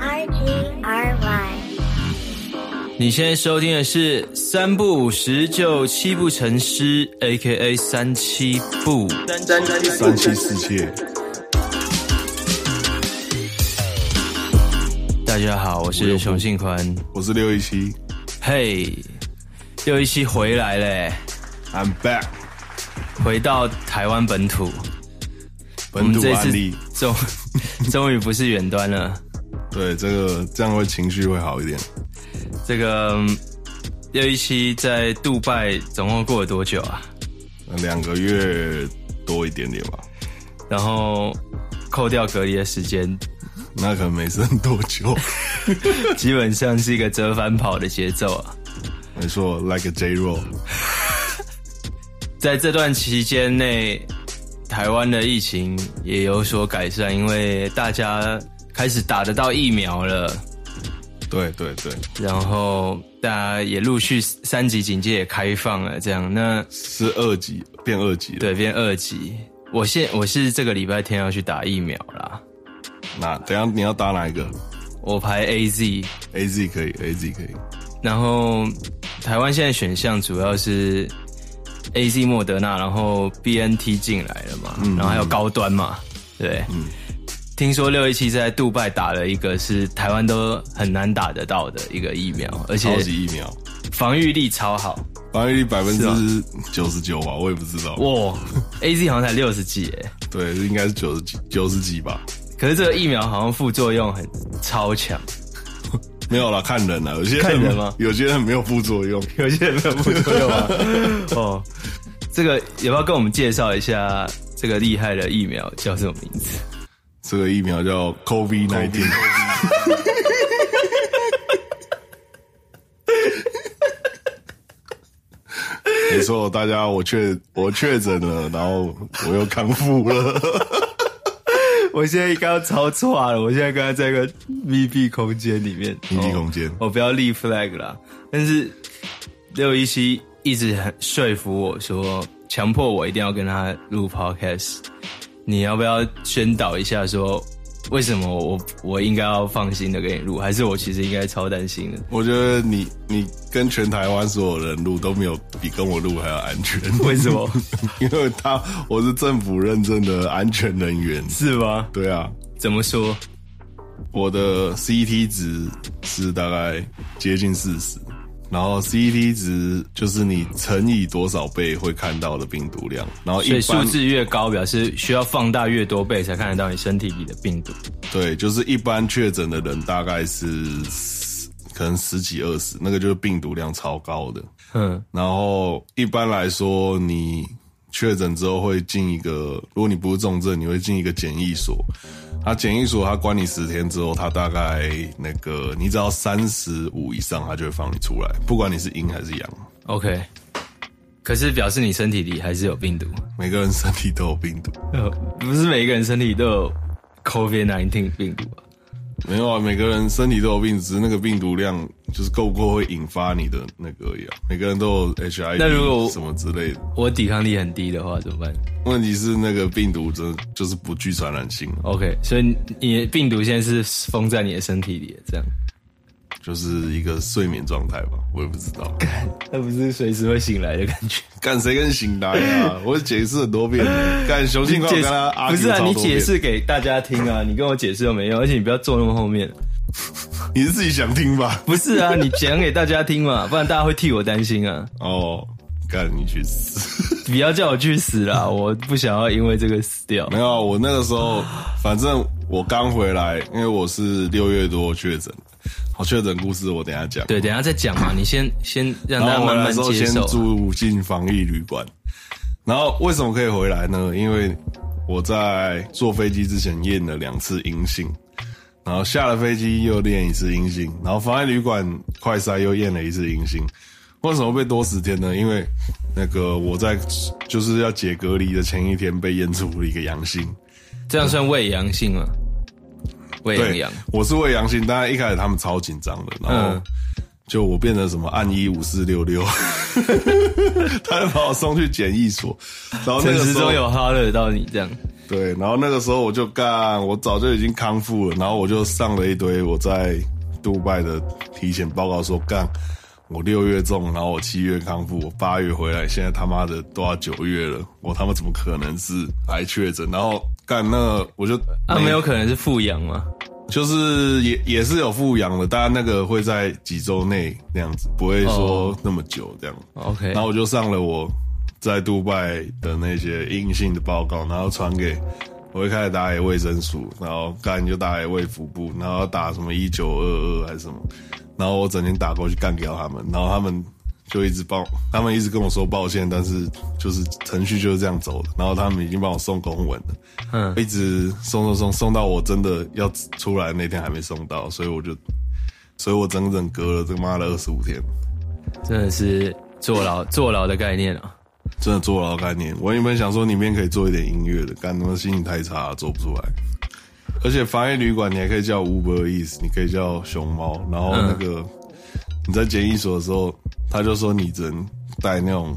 R G R Y。你現在收聽的是三部《三不五時就七步成詩》，A K A 三七步。三七四界。大家好，我是熊信寬，我是六一七。嘿，六一七回來嘞、欸、，I'm back，回到台灣本土,本土利。我們這次終終於不是遠端了。 對，這個這樣會情緒會好一點。這個 6yi7 在杜拜總共過了多久啊？兩個月多一點點吧。然後扣掉隔離的時間，那可沒剩多久， 基本上是一個折返跑的節奏啊。沒錯，like a J-Ro 在這段期間內，台灣的疫情也有所改善，因為大家。開始打得到疫苗了，對對對，然後大家也陸續三級警戒也開放了，這樣，那是二級變二級，對，變二級。我現我是這個禮拜天要去打疫苗啦。那等下你要打哪一個？我排 A Z，A Z 可以，A Z 可以。然後台灣現在選項主要是 A Z 莫德納，然後 B N T 進來了嘛，然後還有高端嘛，對，嗯。聽說六一七在杜拜打了一個是台灣都很難打得到的一個疫苗，而且超級疫苗，防禦力超好，防禦力百分之九十九吧，我也不知道。哇、哦、 ，AZ 好像才六十幾，哎，對，應該是九十幾，九十幾吧。可是這個疫苗好像副作用很超強。 沒有啦，看人啦，有些人看人嗎？有些人沒有副作用，有些人沒有副作用啊。 哦，這個有沒有跟我們介紹一下這個厲害的疫苗叫什麼名字？這個疫苗叫 COVID nineteen。 沒錯，大家，我確我確診了，然後我又康復了。我現在應該要超喘了。我現在剛剛在一個密閉空間裡面，密閉空間、哦，我不要立 flag 了。但是 6yi7 一直很說服我說，強迫我一定要跟他錄 podcast。你要不要宣導一下？說為什麼我我應該要放心的給你錄，還是我其實應該超擔心的？我覺得你你跟全台灣所有人錄都沒有比跟我錄還要安全。為什麼？ 因為他我是政府認證的安全人員，是嗎？對啊。怎麼說？我的 CT 值是大概接近四十。然後 CT 值就是你乘以多少倍會看到的病毒量，然後一般，所以數字越高，表示需要放大越多倍才看得到你身體裡的病毒。對，就是一般確診的人大概是可能十幾二十，那個就是病毒量超高的。嗯，然後一般來說，你確診之後會進一個，如果你不是重症，你會進一個檢疫所。他檢疫所，他關你十天之後，他大概那個，你只要三十五以上，他就會放你出來，不管你是陰還是陽。OK，可是表示你身體裡還是有病毒。每個人身體都有病毒，呃，不是每一個人身體都有 COVID-19 病毒吧？沒有啊，每個人身體都有病，只是那個病毒量就是夠不夠會引發你的那個而已啊。每個人都有 H I V，那如果什麼之類的，我抵抗力很低的話怎麼辦？問題是那個病毒真的就是不具傳染性。OK，所以你的病毒現在是封在你的身體裡，這樣。就是一個睡眠狀態吧，我也不知道。幹，那不是隨時會醒來的感覺。幹，誰跟你醒來啊？ 我解釋很多遍， 幹雄性化、啊啊，不是啊，你解釋給大家聽啊！ 你跟我解釋都沒用，而且你不要坐那麼後面。你是自己想聽吧？不是啊，你講給大家聽嘛， 不然大家會替我擔心啊。哦，幹你去死！ 你不要叫我去死啦！我不想要因為這個死掉。沒有，我那個時候反正我剛回來，因為我是六月多確診。確診故事我等一下講，對，等一下再講嘛。你先先讓大家慢慢接受啊。我回來的時候先住進防疫旅館，然後為什麼可以回來呢？因為我在坐飛機之前驗了兩次陰性，然後下了飛機又練一次陰性，然後防疫旅館快篩又驗了一次陰性。為什麼被多十天呢？因為那個我在就是要解隔離的前一天被驗出了一個陽性，這樣算偽陽性嗎？嗯喂，我是偽陽性。當然一開始他們超緊張的，然後就我變成什麼按一五四六六， 他就把我送去檢疫所，然後那個時候，時中有哈啦到你這樣，對，然後那個時候我就幹，我早就已經康復了，然後我就上了一堆我在杜拜的體檢報告，說幹，我六月中，然後我七月康復，我八月回來，現在他媽的都要九月了，我他媽怎麼可能是癌確診？然後。幹那我就，他、啊、沒有可能是復陽嘛，就是也也是有復陽的，但那個會在幾週內那樣子，不會說那麼久這樣。Oh. OK，然後我就上了我在杜拜的那些陰性的報告，然後傳給我一開始打野衛生署，然後幹就打野衛福部，然後打什麼一九二二還是什麼，然後我整天打過去幹掉他們，然後他們。就一直抱，他們一直跟我說抱歉，但是就是程序就是這樣走的。然後他們已經幫我送公文了，嗯，一直送送送送到我真的要出來那天還沒送到，所以我就，所以我整整隔了這個媽的二十五天，真的是坐牢坐牢的概念啊、哦！真的坐牢的概念。我原本想說裡面可以做一點音樂的，但他們心情太差了做不出來。而且防疫旅館你還可以叫 Uber Eats，你可以叫熊貓，然後那個、嗯、你在檢疫所的時候。他就說：“你只能帶那種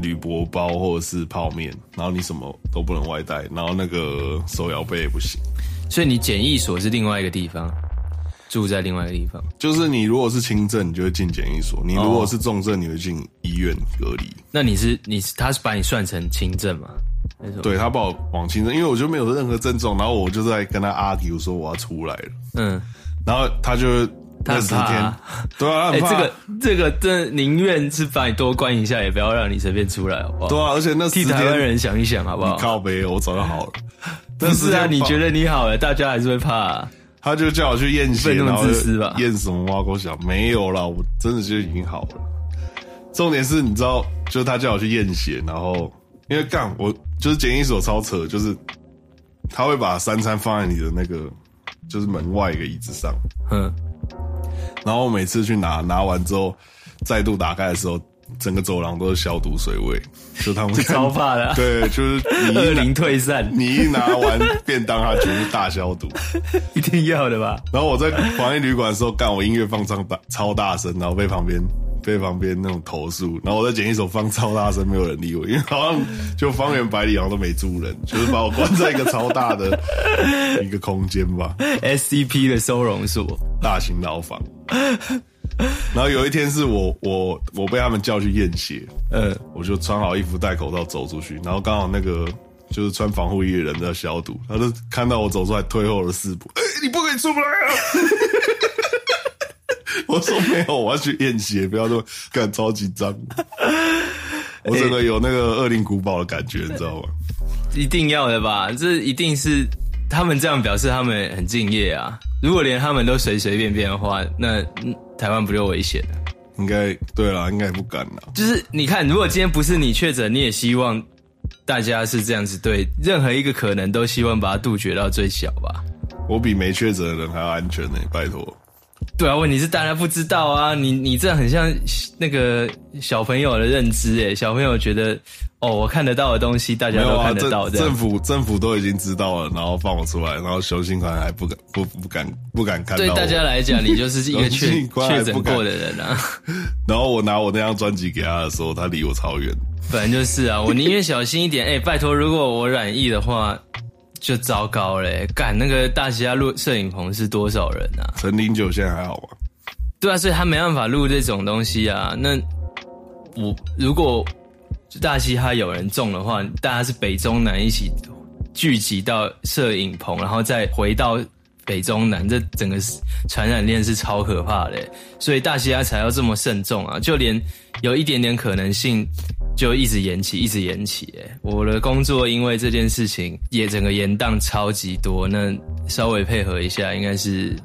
鋁箔包或者是泡麵，然後你什麼都不能外帶，然後那個手搖杯也不行。”所以你檢疫所是另外一個地方，住在另外一個地方。就是你如果是輕症，你就會進檢疫所；你如果是重症，你就會進醫院隔離、哦。那你是你他是把你算成輕症嗎？對，他把我往輕症，因為我就沒有任何症狀，然後我就在跟他 argue，說我要出來了。嗯，然後他就。那天他怕啊對啊，哎，這、欸、個這個，真寧、個、願是把你多關一下，也不要讓你隨便出來。好不好？對啊，而且那替台灣人想一想，好不好？你靠北，別我早就好了。 但是啊，你覺得你好了，大家還是會怕、啊。他就叫我去驗血，那麼自私吧。驗什麼挖溝小沒有啦，我真的就已經好了。重點是你知道，就是他叫我去驗血，然後因為槓，我就是檢疫所超扯，就是他會把三餐放在你的那個就是門外一個椅子上，嗯。然後我每次去拿，拿完之後再度打開的時候，整個走廊都是消毒水味，就他們超怕的、啊。對，就是你一。一零退散，你一拿完便當，它全部大消毒，一定要的吧？然後我在防疫旅館的時候，幹我音樂放上大超大聲，然後被旁邊。被旁邊那種投訴，然後我再剪一首放超大聲，沒有人理我，因為好像就方圓百里好像都沒住人，就是把我關在一個超大的一個空間吧。S C P 的收容所，大型牢房。 然後有一天是我我我被他們叫去驗血、嗯，我就穿好衣服戴口罩走出去，然後剛好那個就是穿防護衣的人在消毒，他就看到我走出來，退後了四步、欸，你不可以出來啊！ 我說沒有，我要去驗血，不要說幹，超緊張，我真的有那個惡靈古堡的感覺，你、欸、知道嗎？一定要的吧，這一定是他們這樣表示他們很敬業啊。如果連他們都隨隨便便的話，那台灣不就危險了，應該對啦，應該也不敢了。就是你看，如果今天不是你確診，你也希望大家是這樣子對，對任何一個可能都希望把它杜絕到最小吧。我比沒確診的人還要安全呢、欸，拜託。對啊，問題是大家不知道啊，你你這樣很像那個小朋友的認知誒、欸，小朋友覺得哦，我看得到的東西大家都看得到的、啊。政府政府都已經知道了，然後放我出來，然後熊新寬還不敢不不敢不敢看到我。對大家來講，你就是一個確確診過的人啊。然後我拿我那張專輯給他的時候，他離我超遠。反正就是啊，我寧願小心一點。哎、 欸，拜托，如果我染疫的話。就糟糕嘞、欸！幹那個大嘻哈錄攝影棚是多少人啊？陳零九現在還好吧？對啊，所以他沒辦法錄這種東西啊。那我如果大嘻哈有人中的話，大家是北中南一起聚集到攝影棚，然後再回到北中南，這整個傳染鏈是超可怕的、欸。所以大嘻哈才要這麼慎重啊！就連有一點點可能性。就一直延期，一直延期，欸。我的工作因為這件事情也整個延宕超級多。那稍微配合一下，應該是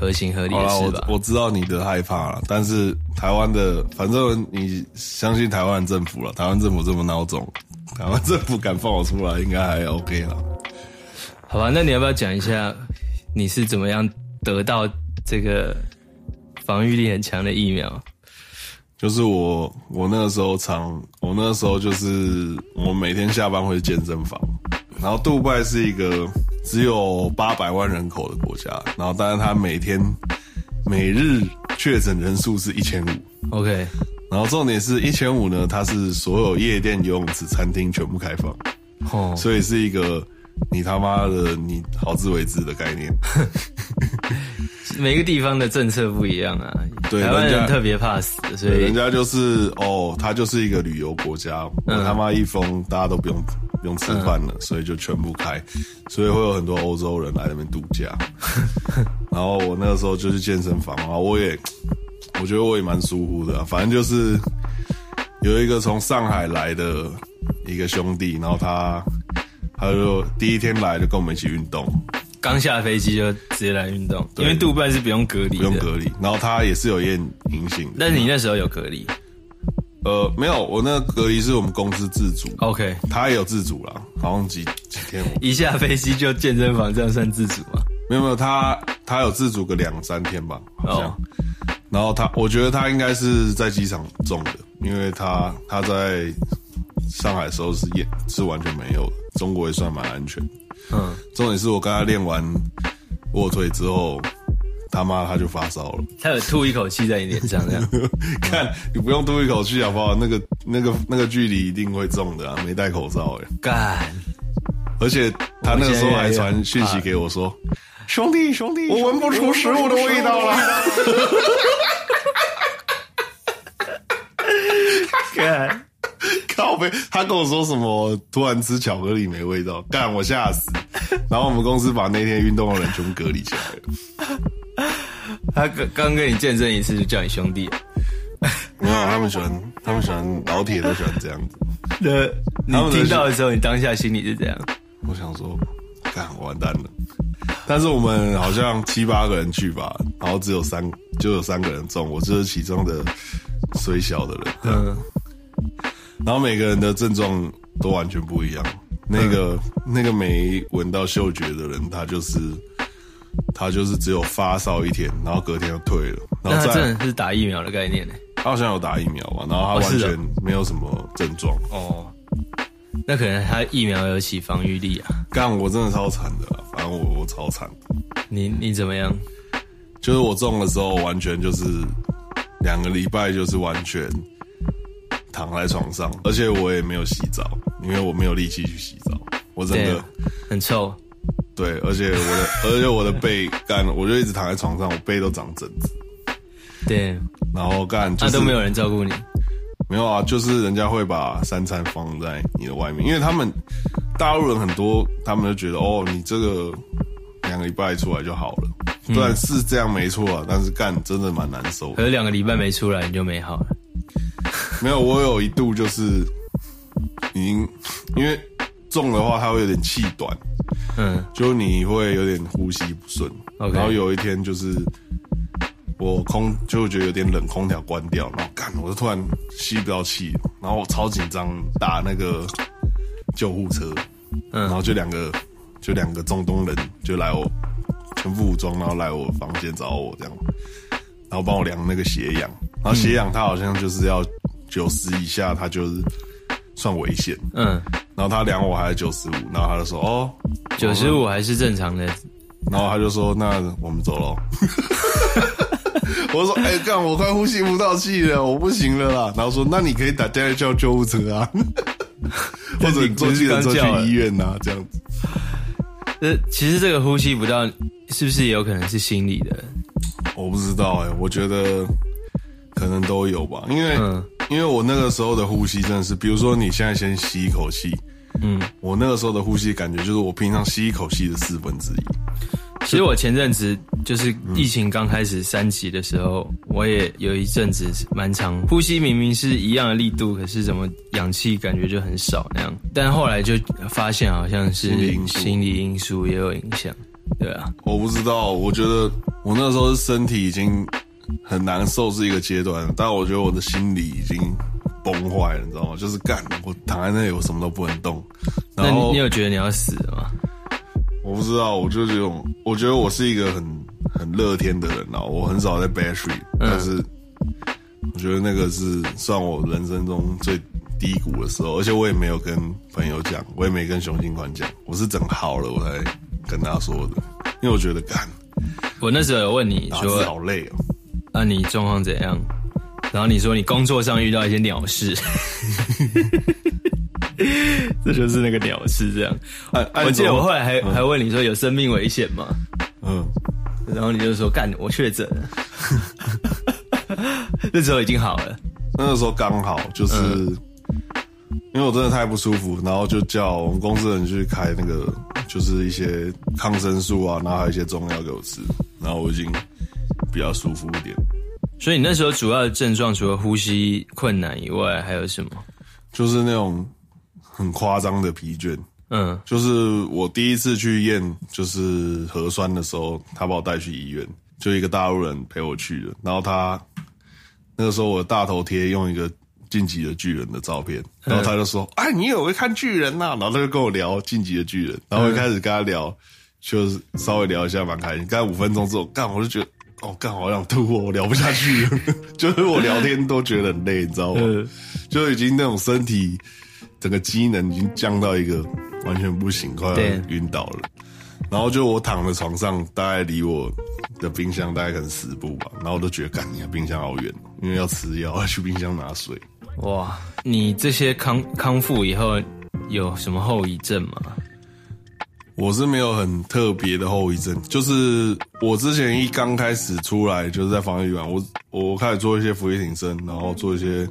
合情合理是吧？好啦，我，我知道你的害怕了。但是台灣的，反正你相信台灣政府了。台灣政府這麼孬種，台灣政府敢放我出來，應該還 OK 啦。好吧，那你要不要講一下你是怎麼樣得到這個防禦力很強的疫苗？就是我，我那個時候常，我那個時候就是，我每天下班會去健身房。然後，杜拜是一個只有八百萬人口的國家，然後當然它每天每日確診人數是一千五，OK。然後重點是一千五呢，它是所有夜店、游泳池、餐廳全部開放，哦、oh，所以是一個。你他媽的，你好自為之的概念。 每個地方的政策不一樣啊。對，台灣人家特別怕死，所以人家就是哦，他就是一個旅遊國家，我他媽一封大家都不用不用吃飯了、嗯，所以就全部開，所以會有很多歐洲人來那邊度假。 然後我那個時候就去健身房啊，我也我覺得我也蠻疏忽的、啊，反正就是有一個從上海來的一個兄弟，然後他。他說：“第一天來就跟我們一起運動，剛下飛機就直接來運動，因為杜拜是不用隔離，不用隔離。然後他也是有驗陰性，那你那時候有隔離？呃，沒有，我那個隔離是我們公司自主。OK，他也有自主了，好像幾幾天。一下飛機就健身房，這樣算自主嗎？沒有沒有，他他有自主個兩三天吧，好像。Oh. 然後他，我覺得他應該是在機場中的，因為他他在。”上海的時候是是完全沒有的，中國也算蠻安全。嗯，重點是我剛剛練完臥推之後，他媽他就發燒了。他有吐一口氣在你臉上，這樣看、 嗯，你不用吐一口氣好不好？那個那個那個距離一定會中的啊，沒戴口罩哎、欸，幹！而且他那個時候還傳訊息給我說，說、啊、兄弟兄弟，我聞不出食物的味道了、啊。幹、啊！ 幹他跟我說什麼？突然吃巧克力沒味道，幹我嚇死！然後我們公司把那天運動的人全部隔離起來了。 他剛剛跟你見證一次，就叫你兄弟。 沒有、啊，他們喜歡，他們喜歡老鐵都喜歡這樣子。那 你聽到的時候， 你當下心裡是這樣？我想說，幹，完蛋了。但是我們好像七八個人去吧，然後只有三就有三個人中，我就是其中的衰小的人。嗯。然後每個人的症狀都完全不一樣。那個、嗯、那個沒聞到嗅覺的人，他就是他就是只有發燒一天，然後隔天就退了。然後那他真的是打疫苗的概念呢、欸？他好像有打疫苗吧？然後他完全沒有什麼症狀。哦，哦那可能他疫苗有起防禦力啊。幹，我真的超慘的、啊，反正我我超慘。你你怎麼樣？就是我中的時候，完全就是兩個禮拜，就是完全。躺在床上，而且我也沒有洗澡，因為我沒有力氣去洗澡。我整個很臭。對，而且我的， 而且我的背幹， 我就一直躺在床上，我背都長疹子。對。然後幹，他、就是啊、都沒有人照顧你？沒有啊，就是人家會把三餐放在你的外面，因為他們大陸人很多，他們就覺得哦，你這個兩個禮拜出來就好了。對，是這樣沒錯、啊，但是幹真的蠻難受的。嗯、可是兩個禮拜沒出來你就沒好了。 沒有，我有一度就是，已經，因為重的話，它會有點氣短，嗯，就你會有點呼吸不順，okay。然後有一天就是，我空就覺得有點冷，空調關掉，然後幹，我就突然吸不到氣，然後我超緊張，打那個救護車，嗯，然後就兩個，就兩個中東人就來我全副武裝，然後來我房間找我這樣，然後幫我量那個血氧，然後血氧它好像就是要、嗯。九十以下，他就是算危險。嗯，然後他量我還是九十五，然後他就說：“哦，九十五還是正常的。”然後他就說：“那我們走咯。 我說：“哎、欸、呀，我快呼吸不到氣了，我不行了啦！”然後說：“那你可以打電話 叫救護車啊， 或者坐計程車去醫院吶、啊，這樣子。”其實這個呼吸不到，是不是也有可能是心理的？我不知道哎、欸，我覺得可能都有吧，因為。嗯因為我那個時候的呼吸真的是，比如說你現在先吸一口氣，嗯，我那個時候的呼吸感覺就是我平常吸一口氣的四分之一。其實我前陣子就是疫情剛開始三級的時候，嗯、我也有一陣子蠻長，呼吸明明是一樣的力度，可是怎麼氧氣感覺就很少那樣。但後來就發現好像是心理因素也有影響，對啊，我不知道，我覺得我那個時候是身體已經。很難受是一個階段，但我覺得我的心理已經崩壞了，你知道嗎？就是幹，我躺在那裡，我什麼都不能動。那你，你有覺得你要死嗎？我不知道，我就這種，我覺得我是一個很很樂天的人吶。我很少在 bad trip，、嗯、但是我覺得那個是算我人生中最低谷的時候。而且我也沒有跟朋友講，我也沒跟熊心寬講，我是整好了我才跟他說的，因為我覺得幹。我那時候有問你說，是好累哦、喔。那、啊、你狀況怎樣？然後你說你工作上遇到一些鳥事， 這就是那個鳥事這樣。我記得我後來還、嗯、還問你說有生命危險嗎？嗯，然後你就說幹，我確診， 那時候已經好了。那個時候剛好就是、嗯、因為我真的太不舒服，然後就叫我們公司的人去開那個就是一些抗生素啊，然後還有一些中藥給我吃，然後我已經。比較舒服一點，所以你那時候主要的症狀除了呼吸困難以外還有什麼？就是那種很誇張的疲倦。嗯，就是我第一次去驗就是核酸的時候，他把我帶去醫院，就一個大陸人陪我去了。然後他那個時候我大頭貼用一個進擊的巨人的照片，然後他就說：“哎、嗯欸，你有沒有看巨人吶、啊？”然後他就跟我聊進擊的巨人，然後我一開始跟他聊，嗯、就是稍微聊一下蠻開心。剛才五分鐘之後，幹我就覺得。我、哦、幹好想吐哦，我聊不下去了， 就是我聊天都覺得很累， 你知道嗎？ 就已經那種身體整個機能已經降到一個完全不行，快要暈倒了。然後就我躺在床上，大概離我的冰箱大概可能十步吧，然後我都覺得感你啊，冰箱好遠，因為要吃藥要去冰箱拿水。哇，你這些康康復以後有什麼後遺症嗎？我是沒有很特別的後遺症，就是我之前一剛開始出來就是在防疫館，我我開始做一些伏地挺身，然後做一些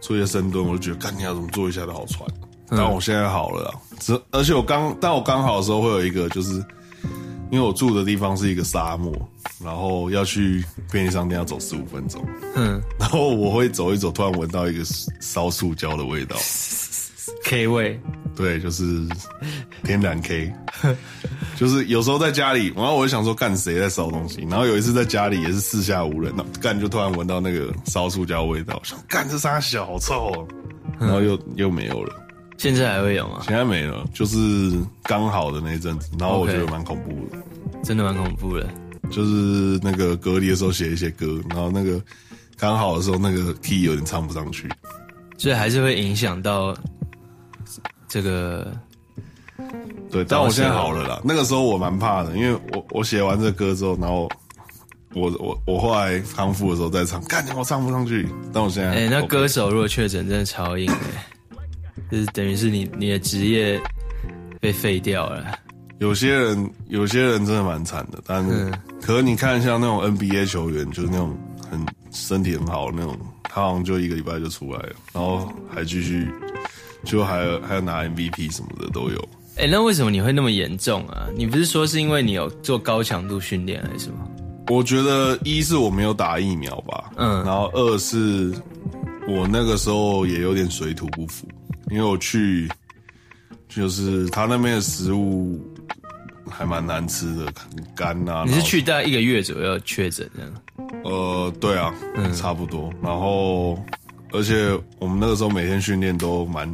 做一些深蹲，我就覺得，幹你要怎麼做一下都好喘，嗯。但我現在好了啦，只而且我剛但我剛好的時候會有一個，就是因為我住的地方是一個沙漠，然後要去便利商店要走十五分鐘，嗯，然後我會走一走，突然聞到一個燒塑膠的味道。K 味，對，就是天然 K， 就是有時候在家裡，然後我就想說，幹誰在燒東西，然後有一次在家裡也是四下無人，然干就突然聞到那個燒塑膠味道，想幹這啥小好臭，啊，然後又又沒有了，現在還會有嗎？現在沒了，就是剛好的那一陣子，然後我覺得蠻恐怖的，okay, 真的蠻恐怖的，就是那個隔離的時候寫一些歌，然後那個剛好的時候那個 key 有點唱不上去，所以還是會影響到。這個對，但我現在好了啦。那個時候我蠻怕的，因為我我寫完這個歌之後，然後我我我後來康復的時候再唱，幹我唱不上去。但我現在，哎、欸，那歌手如果確診，真的超硬哎、欸， 就是等於是你你的職業被廢掉了。有些人有些人真的蠻慘的，但可你看像那種 NBA 球員，就是那種很身體很好的那種，他好像就一個禮拜就出來了，嗯、然後還繼續。就還有還有拿 MVP 什麼的都有，誒、欸、那為什麼你會那麼嚴重啊？你不是說是因為你有做高強度訓練還是什麼？我覺得一是我沒有打疫苗吧，嗯，然後二是我那個時候也有點水土不服，因為我去就是他那邊的食物還蠻難吃的，很乾啊。你是去大概一個月左右確診的？呃，對啊、嗯，差不多。然後。而且我們那個時候每天訓練都蠻，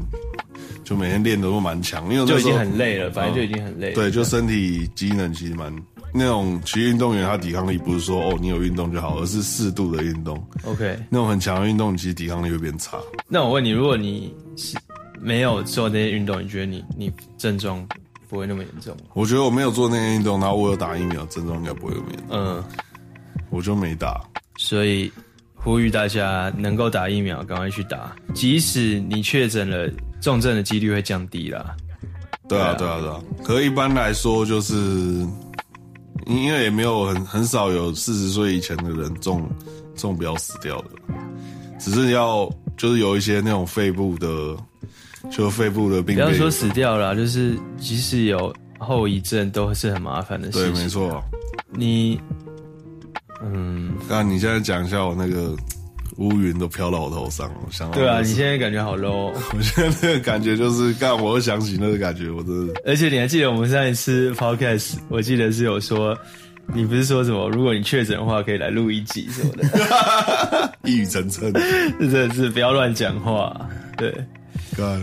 就每天練都蠻強，因為就已經很累了，反正就已經很累了，嗯。對，就身體機能其實蠻那種，其實運動員他抵抗力不是說哦你有運動就好，而是適度的運動。OK，那種很強的運動其實抵抗力會變差。那我問你，如果你是沒有做這些運動，你覺得你你症狀不會那麼嚴重嗎？我覺得我沒有做那些運動，然後我有打疫苗，症狀應該不會那麼嚴重。嗯，我就沒打，所以。呼籲大家能夠打疫苗，趕快去打。即使你確診了，重症的幾率會降低啦。對啊，對啊，對啊。對啊，對啊，可是一般來說，就是，因為也沒有很，很少有四十歲以前的人中中標死掉的。只是要就是有一些那種肺部的，就是、肺部的病，病。不要說死掉啦，就是即使有後遺症，都是很麻煩的事情。對，沒錯。你。嗯，剛你現在講一下，我那個烏雲都飄到我頭上了，我想對啊，你現在感覺好 low，我現在那個感覺就是，幹我又想起那個感覺，我真的。而且你還記得我們上一次吃 podcast，我記得是有說，你不是說什麼，啊、如果你確診的話，可以來錄一集什麼的， 一語成讖，是真的是不要亂講話。對，幹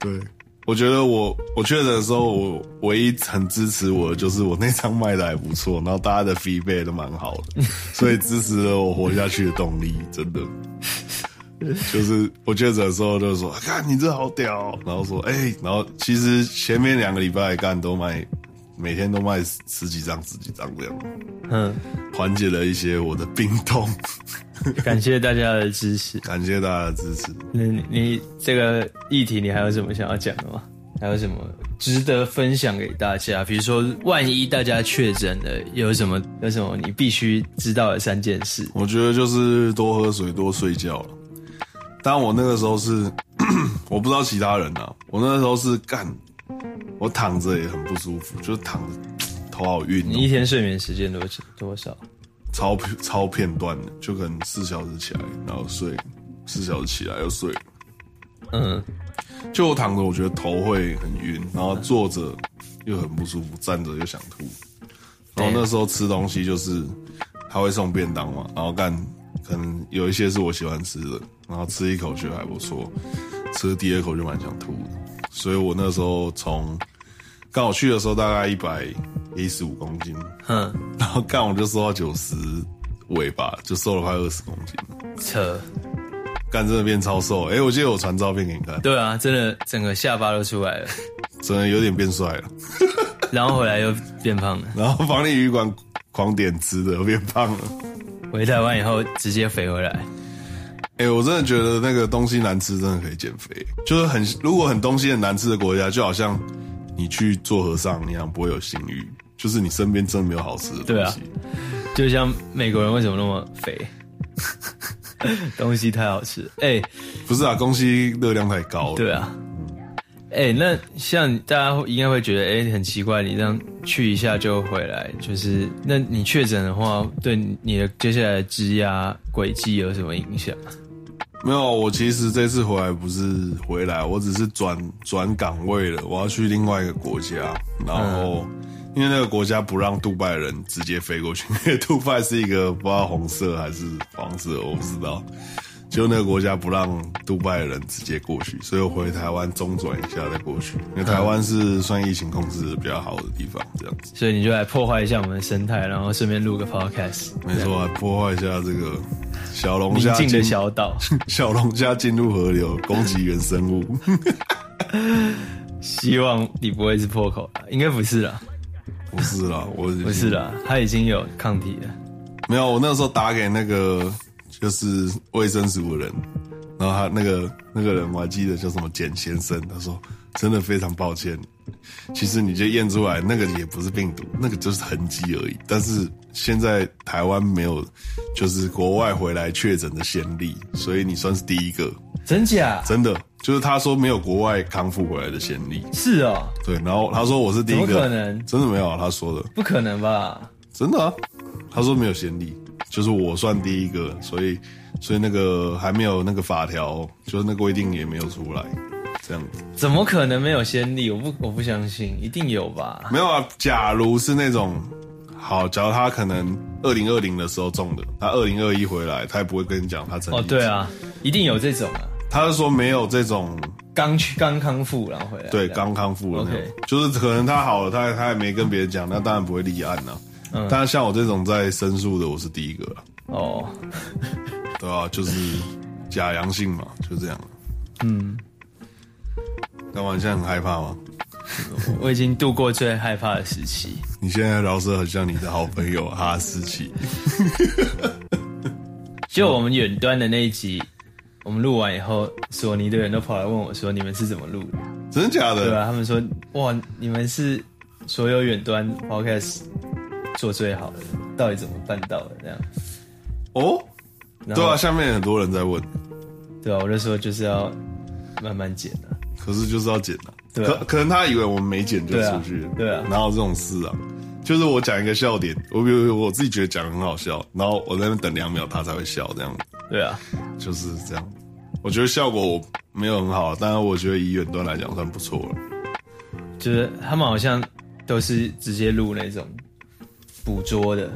對。我覺得我我確診的時候，我唯一很支持我的就是我那張賣的還不錯，然後大家的 feedback 都蠻好的，所以支持了我活下去的動力。真的，就是我確診的時候就說：“看、啊，你這好屌！”然後說：“誒、欸、然後其實前面兩個禮拜幹都賣。”每天都賣十幾張、十幾張這樣嗯，緩解了一些我的病痛。 感謝大家的支持，感謝大家的支持。你，你這個議題，你還有什麼想要講的嗎？還有什麼值得分享給大家？比如說，萬一大家確診了，有什麼、有什麼你必須知道的三件事？我覺得就是多喝水、多睡覺了。但我那個時候是， 我不知道其他人啊。我那個時候是乾。幹我躺着也很不舒服，就躺着頭好暈、哦。你一天睡眠時間多多少？超超片段的，就可能四小時起來，然後睡四小時起來又睡。嗯，就我躺着，我覺得頭會很暈，然後坐着又很不舒服，嗯、站着又想吐。然後那時候吃東西就是他會送便當嘛，然後幹可能有一些是我喜歡吃的，然後吃一口覺得還不錯，吃第二口就蠻想吐的。所以我那時候從剛我去的時候大概一百一十五公斤，嗯，然後幹我就瘦到九十，尾巴就瘦了快二十公斤，扯！幹真的變超瘦，哎，我記得我傳照片給你看，對啊，真的整個下巴都出來了，真的有點變帥了，然後回來又變胖了，然後防疫旅館狂點吃的又變胖了，回台灣以後直接肥回來。哎、欸，我真的覺得那個東西難吃，真的可以減肥。就是很，如果很東西很難吃的國家，就好像你去做和尚一樣，你好像不會有性慾。就是你身邊真的沒有好吃的東西。對啊，就像美國人為什麼那麼肥？ 東西太好吃了。哎、欸，不是啊，東西熱量太高了。對啊。哎、欸，那像大家應該會覺得，哎、欸，很奇怪，你這樣去一下就回來，就是那你確診的話，對你的接下來的職涯軌跡有什麼影響？沒有，我其實這次回來不是回來，我只是轉轉崗位了。我要去另外一個國家，然後、嗯、因為那個國家不讓杜拜的人直接飛過去，因為杜拜是一個不知道紅色還是黃色，我不知道。嗯就那個國家不讓杜拜的人直接過去，所以我回台灣中轉一下再過去，因為台灣是算疫情控制比較好的地方，這樣子，嗯。所以你就來破壞一下我們的生態，然後順便錄個 podcast 沒？沒錯，來破壞一下這個小龍蝦進的小島，小龍蝦進入河流攻擊原生物。 希望你不會是破口吧，應該不是啦，不是啦，我已經不是啦，他已經有抗體了。沒有，我那個時候打給那個。就是衛生署的人，然後他那個那個人我還記得叫什麼簡先生，他說真的非常抱歉，其實你就驗出來那個也不是病毒，那個就是痕跡而已。但是現在台灣沒有就是國外回來確診的先例，所以你算是第一個。真假？真的就是他說沒有國外康復回來的先例。是哦，對，然後他說我是第一個。不可能？真的沒有啊，他說的。不可能吧？真的啊，他說沒有先例。就是我算第一個，所以，所以那個還沒有那個法條，就是那個規定也沒有出來，這樣子怎麼可能沒有先例？我不我不相信，一定有吧？沒有啊，假如是那種，好，假如他可能二零二零的時候中的，他二零二一回來，他也不會跟你講他真的。哦，對啊，一定有這種啊。他是說沒有這種剛去剛康復然後回來，對，剛康復的那種，okay. 就是可能他好了，他他也沒跟別人講，那當然不會立案了啊。但像我這種在申訴的，我是第一個哦， 對啊，就是假陽性嘛，就這樣。嗯，幹嘛，你現在很害怕嗎？我我已經度過最害怕的時期。 你現在老是很像你的好朋友 哈士奇。 就我們遠端的那一集，我們錄完以後，索尼的人都跑來問我，說，你們是怎麼錄的？真的假的？對啊，他們說哇，你們是所有遠端 Podcast。做最好的，到底怎麼辦到的這樣？哦，對啊，下面很多人在問。對啊，我就說就是要慢慢剪的、啊。可是就是要剪啊，對啊，可可能他以為我們沒剪就出去了。對啊，哪有、啊、這種事啊？就是我講一個笑點，我比如我自己覺得講得很好笑，然後我在那邊等兩秒，他才會笑這樣。對啊，就是這樣。我覺得效果我沒有很好，但是我覺得以遠端來講算不錯了。就是他們好像都是直接錄那種。捕捉的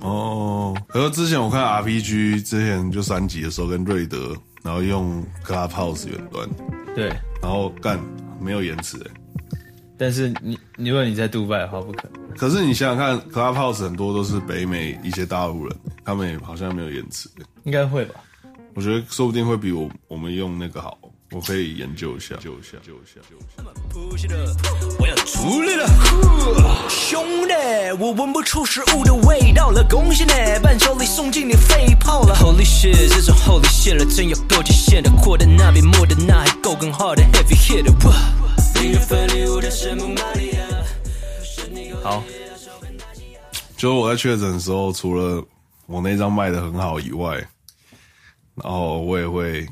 哦，可是之前我看 RPG 之前就三級的時候跟瑞德，然後用 Clubhouse 遠端，對，然後幹沒有延遲、欸、但是你如果你在杜拜的話不可能。可是你想想看 Clubhouse 很多都是北美一些大陸人、欸，他們也好像沒有延遲、欸，應該會吧，我覺得說不定會比我我們用那個好。我可以研究一下。兄弟，我聞不出食物的味道了，恭喜你，伴手禮送進你肺泡了。Holy shit 這種厚禮謝了真有夠極限的獲得那比莫德納還 go 更 hard 的 heavyhitter。好好，就我在確診的時候，除了我那張賣得很好以外，然後我也會。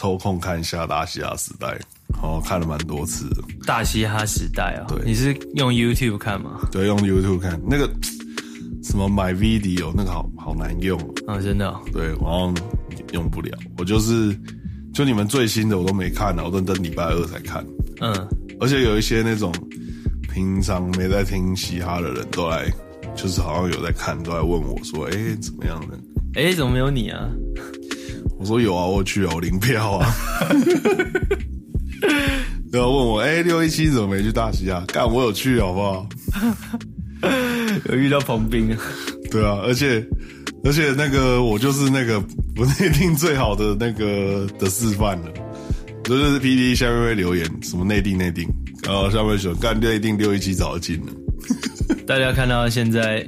抽空看一下《大嘻哈時代》，哦，看了蠻多次，《大嘻哈時代》啊，對，你是用 YouTube 看嗎？對，用 YouTube 看那個什麼 My Video，那個好好難用啊、喔，真的、喔。對，我好像用不了。我就是，就你們最新的我都沒看，我都等等禮拜二才看。嗯，而且有一些那種平常沒在聽嘻哈的人都來，就是好像有在看，都來問我說：“哎、欸，怎麼樣呢？”哎、欸，怎麼沒有你啊？我說有啊，我有去啊，我領票啊。然 後、啊、問我，哎，六一七怎麼沒去大嘻哈？幹，我有去，好不好？ 有遇到彭冰，對啊，而且而且那個我就是那個不內定最好的那個的示範了。就是 P D 下面會留言什麼內定內定，然、啊、後下面說幹內定六一七早就進了。 大家看到現在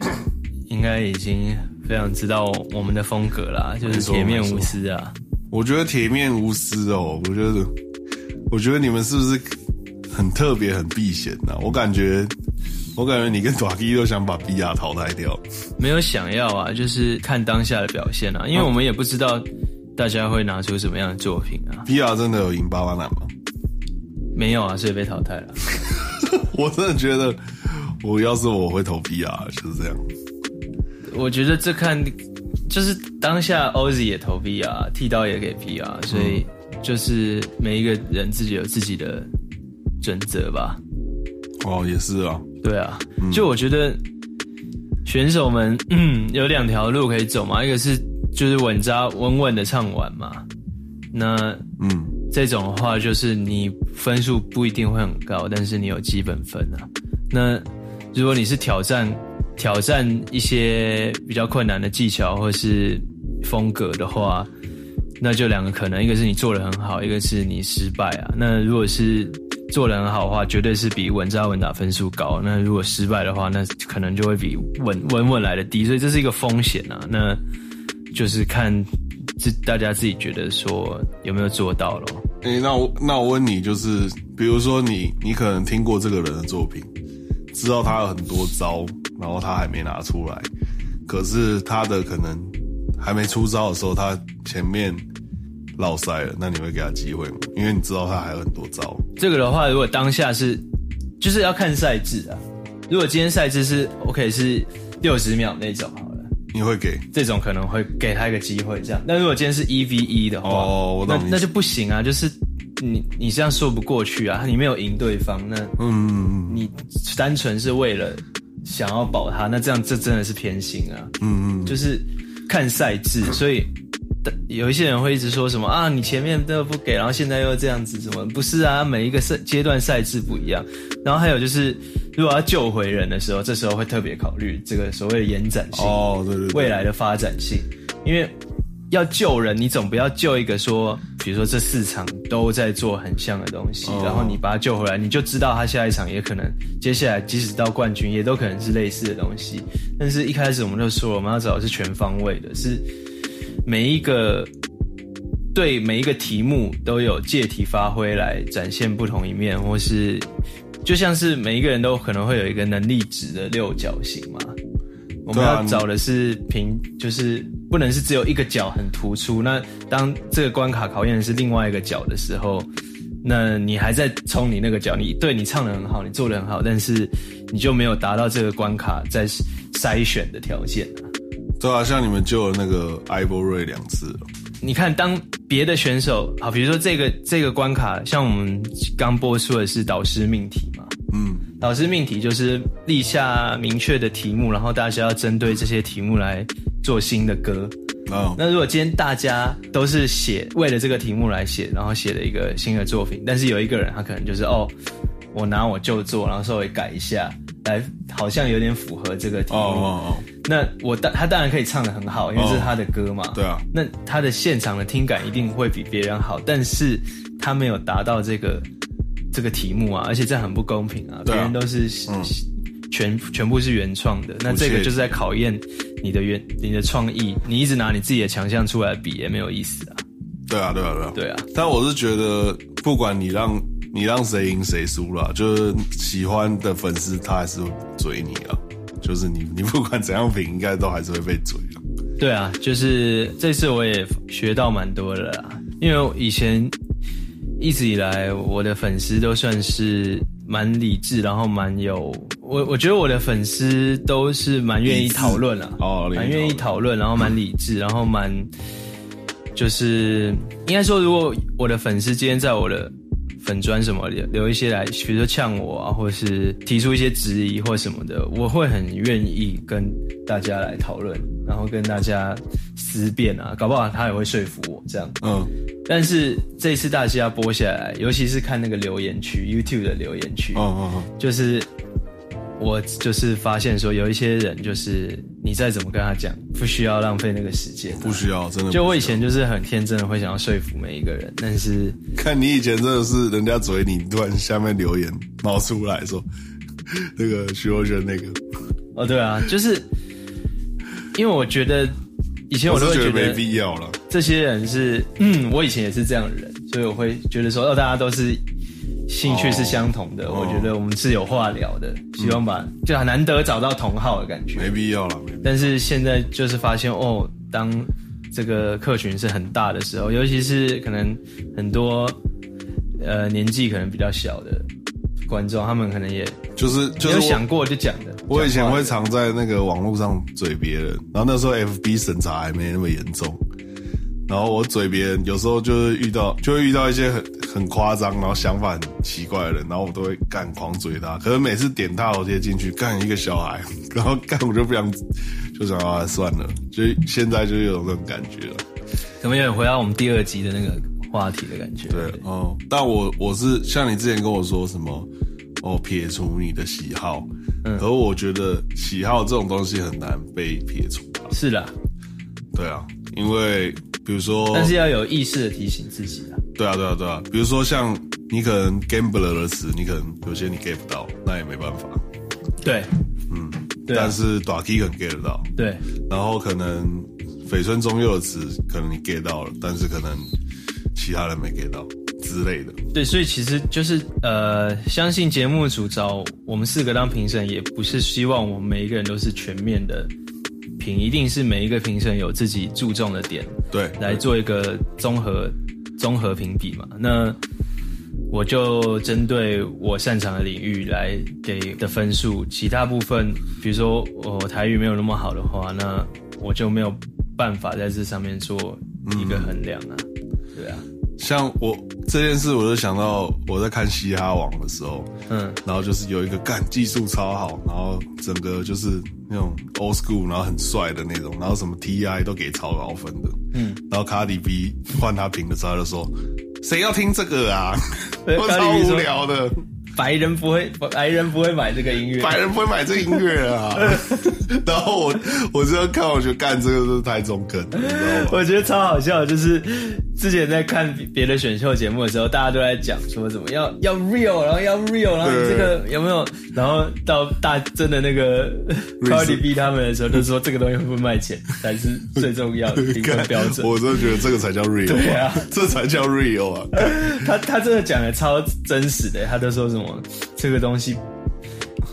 應該已經。非常知道我，我們的風格啦，就是鐵面無私啊。我覺得鐵面無私哦，我覺得，我覺得你們是不是很特別、很避嫌啊？我感覺，我感覺你跟爪弟都想把比亞淘汰掉，沒有想要啊，就是看當下的表現啊，因為我們也不知道大家會拿出什麼樣的作品啊。比、啊、亞真的有贏巴巴男嗎？沒有啊，所以被淘汰了。 我真的覺得，我要是我會投比亞，就是這樣。我覺得這看，就是當下 Oz 也投 B 啊，剃刀也給 B 啊，所以就是每一個人自己有自己的準則吧。哦，也是啊。對啊、嗯，就我覺得選手們，嗯，有兩條路可以走嘛，一個是就是穩紮穩穩的唱完嘛，那嗯，這種的話就是你分數不一定會很高，但是你有基本分啊。那如果你是挑戰。挑戰一些比較困難的技巧或是風格的話，那就兩個可能：一個是你做的很好，一個是你失敗啊。那如果是做的很好的話，絕對是比穩扎穩打分數高；那如果失敗的話，那可能就會比穩穩穩來的低。所以這是一個風險吶。那就是看自大家自己覺得說有沒有做到咯。誒，那我那我問你，就是比如說你你可能聽過這個人的作品，知道他有很多招。然後他還沒拿出來，可是他的可能還沒出招的時候，他前面落賽了，那你會給他機會嗎？因為你知道他還有很多招。這個的話，如果當下是就是要看賽制啊。如果今天賽制是 OK 是六十秒那種，好了，你會給這種可能會給他一個機會，這樣。那如果今天是一 v 一的話，哦，那那就不行啊，就是你你這樣說不過去啊，你沒有贏對方，那嗯，你單純是為了。想要保他，那這樣這真的是偏心啊！嗯嗯，就是看賽制，所以有一些人會一直說什麼啊，你前面都不給，然後現在又這樣子什麼？不是啊，每一個賽階段賽制不一樣。然後還有就是，如果要救回人的時候，這時候會特別考慮這個所謂的延展性哦，對對對，未來的發展性，因為。要救人，你總不要救一個說，比如說這四場都在做很像的東西，Oh. 然後你把他救回來，你就知道他下一場也可能，接下來即使到冠軍也都可能是類似的東西。但是，一開始我們就說了，我們要找的是全方位的，是每一個對每一個題目都有借題發揮來展現不同一面，或是就像是每一個人都可能會有一個能力值的六角形嘛。我們要找的是平、啊，就是不能是只有一個角很突出。那當這個關卡考驗的是另外一個角的時候，那你還在衝你那個角，你對你唱的很好，你做的很好，但是你就沒有達到這個關卡在篩選的條件。對啊，像你們救了那個艾博瑞兩次。你看，當別的選手好，比如說這個這個關卡，像我們剛播出的是導師命題。老師命題就是立下明確的題目，然後大家要針對這些題目來做新的歌。Oh. 那如果今天大家都是寫為了這個題目來寫，然後寫了一個新的作品，但是有一個人他可能就是哦，oh, 我拿我舊作，然後稍微改一下，來好像有點符合這個題目。Oh, oh, oh. 那我當他當然可以唱的很好，因為這是他的歌嘛。對啊。那他的現場的聽感一定會比別人好，oh. 但是他沒有達到這個。這個題目啊，而且這很不公平啊！別、啊、人都是、嗯、全全部是原創的，那這個就是在考驗你的原你的創意。你一直拿你自己的強項出來比，也沒有意思啊！對啊，對啊，對啊，對啊！但我是覺得，不管你讓你讓誰贏誰輸了、啊，就是喜歡的粉絲他還是會追你啊！就是你你不管怎樣比，應該都還是會被追的。對啊，就是這次我也學到蠻多了啦，因為以前。一直以來，我的粉絲都算是蠻理智，然後蠻有我。我覺得我的粉絲都是蠻願意討論啦，哦，oh, 蠻願意討論，然後蠻理智，嗯、然後蠻就是應該說，如果我的粉絲今天在我的。粉專什麼留一些來，比如說嗆我啊，或是提出一些質疑或什麼的，我會很願意跟大家來討論，然後跟大家思辨啊，搞不好他也會說服我這樣。嗯，但是這次大家播下來，尤其是看那個留言區，YouTube 的留言區，哦哦哦，就是我就是發現說有一些人就是。你再怎麼跟他講，不需要浪費那個時間，不需要真的要。就我以前就是很天真的會想要說服每一個人，但是看你以前真的是人家嘴裡突然下面留言冒出來說那個徐若瑄那個，哦對啊，就是因為我覺得以前我都會覺得，我覺得沒必要了，這些人是嗯，我以前也是這樣的人，所以我會覺得說哦，大家都是。興趣是相同的，哦、我覺得我們是有話聊的，嗯、希望吧，就很難得找到同好的感覺。沒必要啦。但是現在就是發現哦，當這個客群是很大的時候，尤其是可能很多呃年紀可能比較小的觀眾，他們可能也就是、就是、有想過就講的。我以前會常在那個網絡上嘴別人，然後那時候 FB 審查還沒那麼嚴重。然後我嘴邊有時候就是遇到，就會遇到一些很很誇張，然後想法很奇怪的人，然後我都會幹狂嘴他。可是每次點他，我直接進去幹一個小孩，然後幹我就不想，就想要他、啊、算了，就現在就有這種感覺了。怎麼有點回到我們第二集的那個話題的感覺？對，對哦，但我我是像你之前跟我說什麼，哦撇除你的喜好，嗯，而我覺得喜好這種東西很難被撇除。是的，對啊，因為。比如說，但是要有意識的提醒自己啊。對啊，對啊，對啊。比如說像你可能 Gambler 的詞，你可能有些你 get 不到，那也沒辦法。對，嗯，對啊、但是 Ducky 可能 get 到。對，然後可能緋村中右的詞可能你 get 到了，但是可能其他人沒 get 到之類的。對，所以其實就是呃，相信節目組找我們四個當評審，也不是希望我們每一個人都是全面的。評一定是每一個評審有自己注重的點，對，來做一個綜合綜合評比嘛。那我就針對我擅長的領域來給的分數，其他部分，比如說我、哦、台語沒有那麼好的話，那我就沒有辦法在這上面做一個衡量啊，嗯、對啊。像我這件事，我就想到我在看嘻哈網的時候，嗯，然後就是有一個幹技術超好，然後整個就是那種 old school，然後很帥的那種，然後什麼 TI 都給超高分的，嗯，然後卡迪 B 換他評的時候就說，誰要聽這個啊？我 超無聊的，白人不會，白人不會買這個音樂，白人不會買這個音樂啊。 然後我我就看，我覺得幹這個就是太中肯了。我覺得超好笑，就是之前在看別的選秀節目的時候，大家都在講說什麼，怎麼要要 real，然後要 real，然後這個有沒有？然後到大真的那個 Cardi B 他們的時候，都說這個東西會不會賣錢才 是最重要的一個 標準。我真的覺得這個才叫 real，啊對啊， 這才叫 real 啊！ 他他真的講的超真實的，他都說什麼這個東西。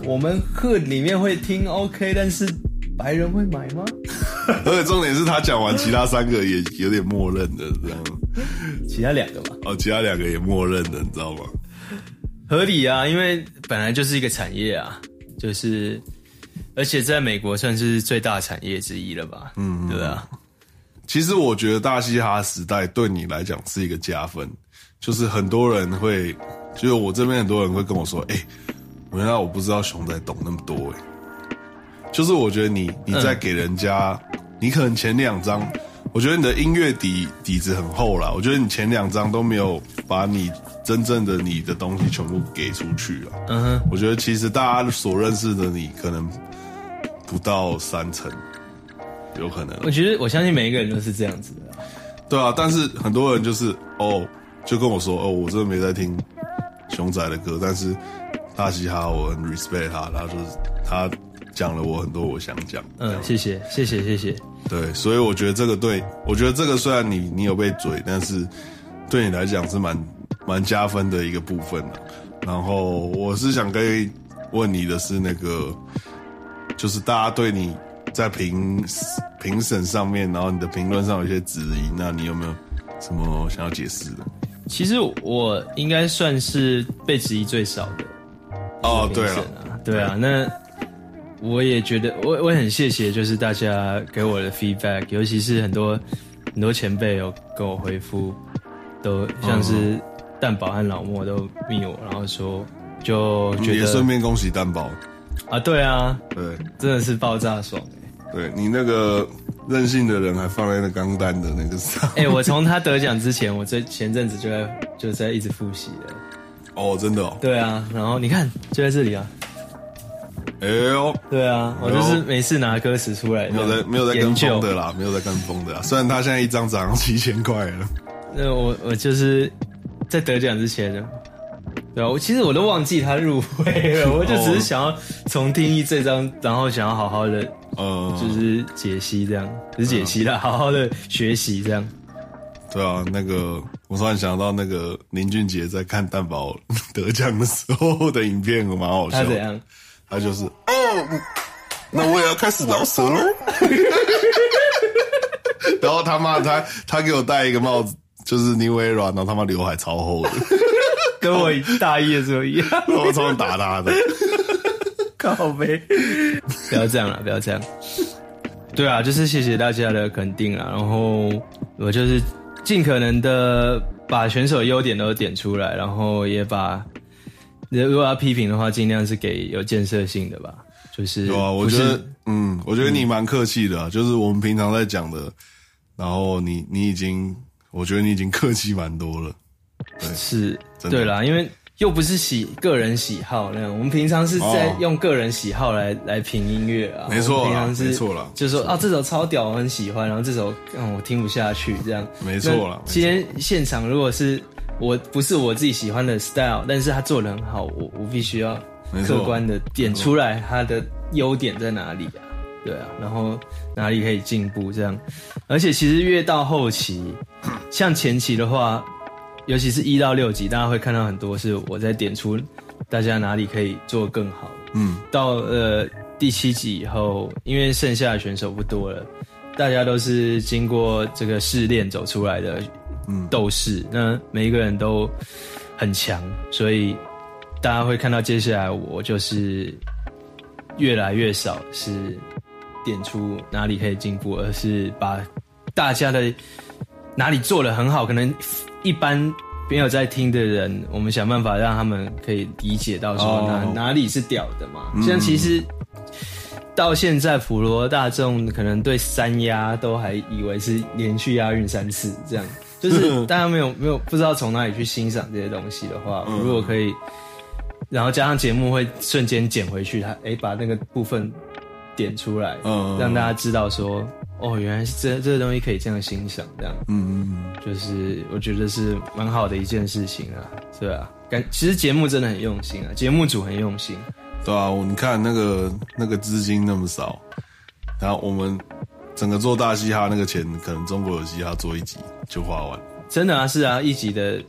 我們課裡面會聽 OK，但是白人會買嗎？而 且 重點是他講完，其他三個也有點默認的這樣，其他兩個吧哦，其他兩個也默認的，你知道嗎？合理啊，因為本來就是一個產業啊，就是而且在美國算是最大的產業之一了吧？嗯，對啊。其實我覺得大嘻哈時代對你來講是一個加分，就是很多人會，就我這邊很多人會跟我說，哎、欸。原來我不知道熊仔懂那麼多哎、欸，就是我覺得你你在給人家，你可能前兩張，我覺得你的音樂底底子很厚啦。我覺得你前兩張都沒有把你真正的你的東西全部給出去啊。嗯哼，我覺得其實大家所認識的你可能不到三成，有可能。我其實我相信每一個人都是這樣子的。對啊，但是很多人就是哦，就跟我說哦，我真的沒在聽熊仔的歌，但是。大嘻哈，我很 respect 他。他說、就是、他講了我很多，我想講。嗯，謝謝，謝謝，謝謝。對，所以我覺得這個對我覺得這個雖然你你有被嘴，但是對你來講是蠻蠻加分的一個部分，然後我是想跟問你的是，那個就是大家對你在評評審上面，然後你的評論上有一些質疑，那你有沒有什麼想要解釋的？其實我應該算是被質疑最少的。哦、oh,，對啊，對啊，那我也覺得，我我也很謝謝，就是大家給我的 feedback，尤其是很多很多前輩有給我回復，都像是蛋堡和老莫都密我，然後說就覺得，也順便恭喜蛋堡啊，對啊，對，真的是爆炸爽哎、欸，對你那個任性的人還放在那鋼彈的那個上，哎、欸，我從他得獎之前，我這前陣子就在就在一直複習了。哦、oh,，真的哦。對啊，然後你看，就在這裡啊。哎、欸、呦。對啊，欸、我就是每次拿歌詞出來的，沒有在沒有在跟風的啦，沒有在跟風的啦。雖然他現在一張漲了七千塊了。那我我就是在得獎之前，對啊，我其實我都忘記他入圍了，我就只是想要重聽 6yi7 這張，然後想要好好的，呃，就是解析這樣，嗯、只是解析啦、嗯，好好的學習這樣。對啊，那個我突然想到那個林俊傑在看蛋堡得獎的時候的影片，我蠻好笑。他怎樣？他就是哦，那我也要開始饒舌嘍。 然後他媽他他給我戴一個帽子，就是尼維軟，然後他媽劉海超厚的，跟我大一的時候一樣。我 從打他的， 靠北！不要這樣了，不要這樣。對啊，就是謝謝大家的肯定啊，然後我就是。盡可能的把選手的優點都點出來，然後也把如果要批評的話，盡量是給有建設性的吧。就是對吧、啊？我覺得我，嗯，我覺得你蠻客氣的、啊嗯，就是我們平常在講的，然後你你已經，我覺得你已經客氣蠻多了。是，對啦，因為。又不是喜個人喜好那樣，我們平常是在用個人喜好來、哦、來評音樂啊，沒錯，平常是沒錯了，就說啊、哦、這首超屌，我很喜歡，然後這首嗯我聽不下去，這樣，沒錯。今天現場，如果是我不是我自己喜歡的 style，但是他做的很好，我我必須要客觀的點出來他的優點在哪裡啊，對啊，然後哪裡可以進步這樣，而且其實越到後期，像前期的話。尤其是一到六集，大家會看到很多是我在點出大家哪裡可以做得更好。嗯，到呃第七集以後，因為剩下的選手不多了，大家都是經過這個試煉走出來的鬥士，嗯，那每一個人都很強，所以大家會看到接下來我就是越來越少是點出哪裡可以進步，而是把大家的哪裡做的很好，可能一般沒有在聽的人，我們想辦法讓他們可以理解到說哪、oh. 哪裡是屌的嘛、嗯。像其實到現在，普羅大眾可能對三押都還以為是連續押韻三次，這樣就是大家沒有 沒有不知道從哪裡去欣賞這些東西的話，我如果可以，uh. 然後加上節目會瞬間剪回去，他、欸、哎把那個部分點出來，嗯、uh.，讓大家知道說。哦，原來是這這個東西可以這樣欣賞，這樣，嗯嗯嗯，就是我覺得是蠻好的一件事情啊，是吧？感其實節目真的很用心啊，節目組很用心，對啊，我你看那個那個資金那麼少，然後我們整個做大嘻哈那個錢，可能中國有嘻哈做一集就花完，真的啊，是啊，一集的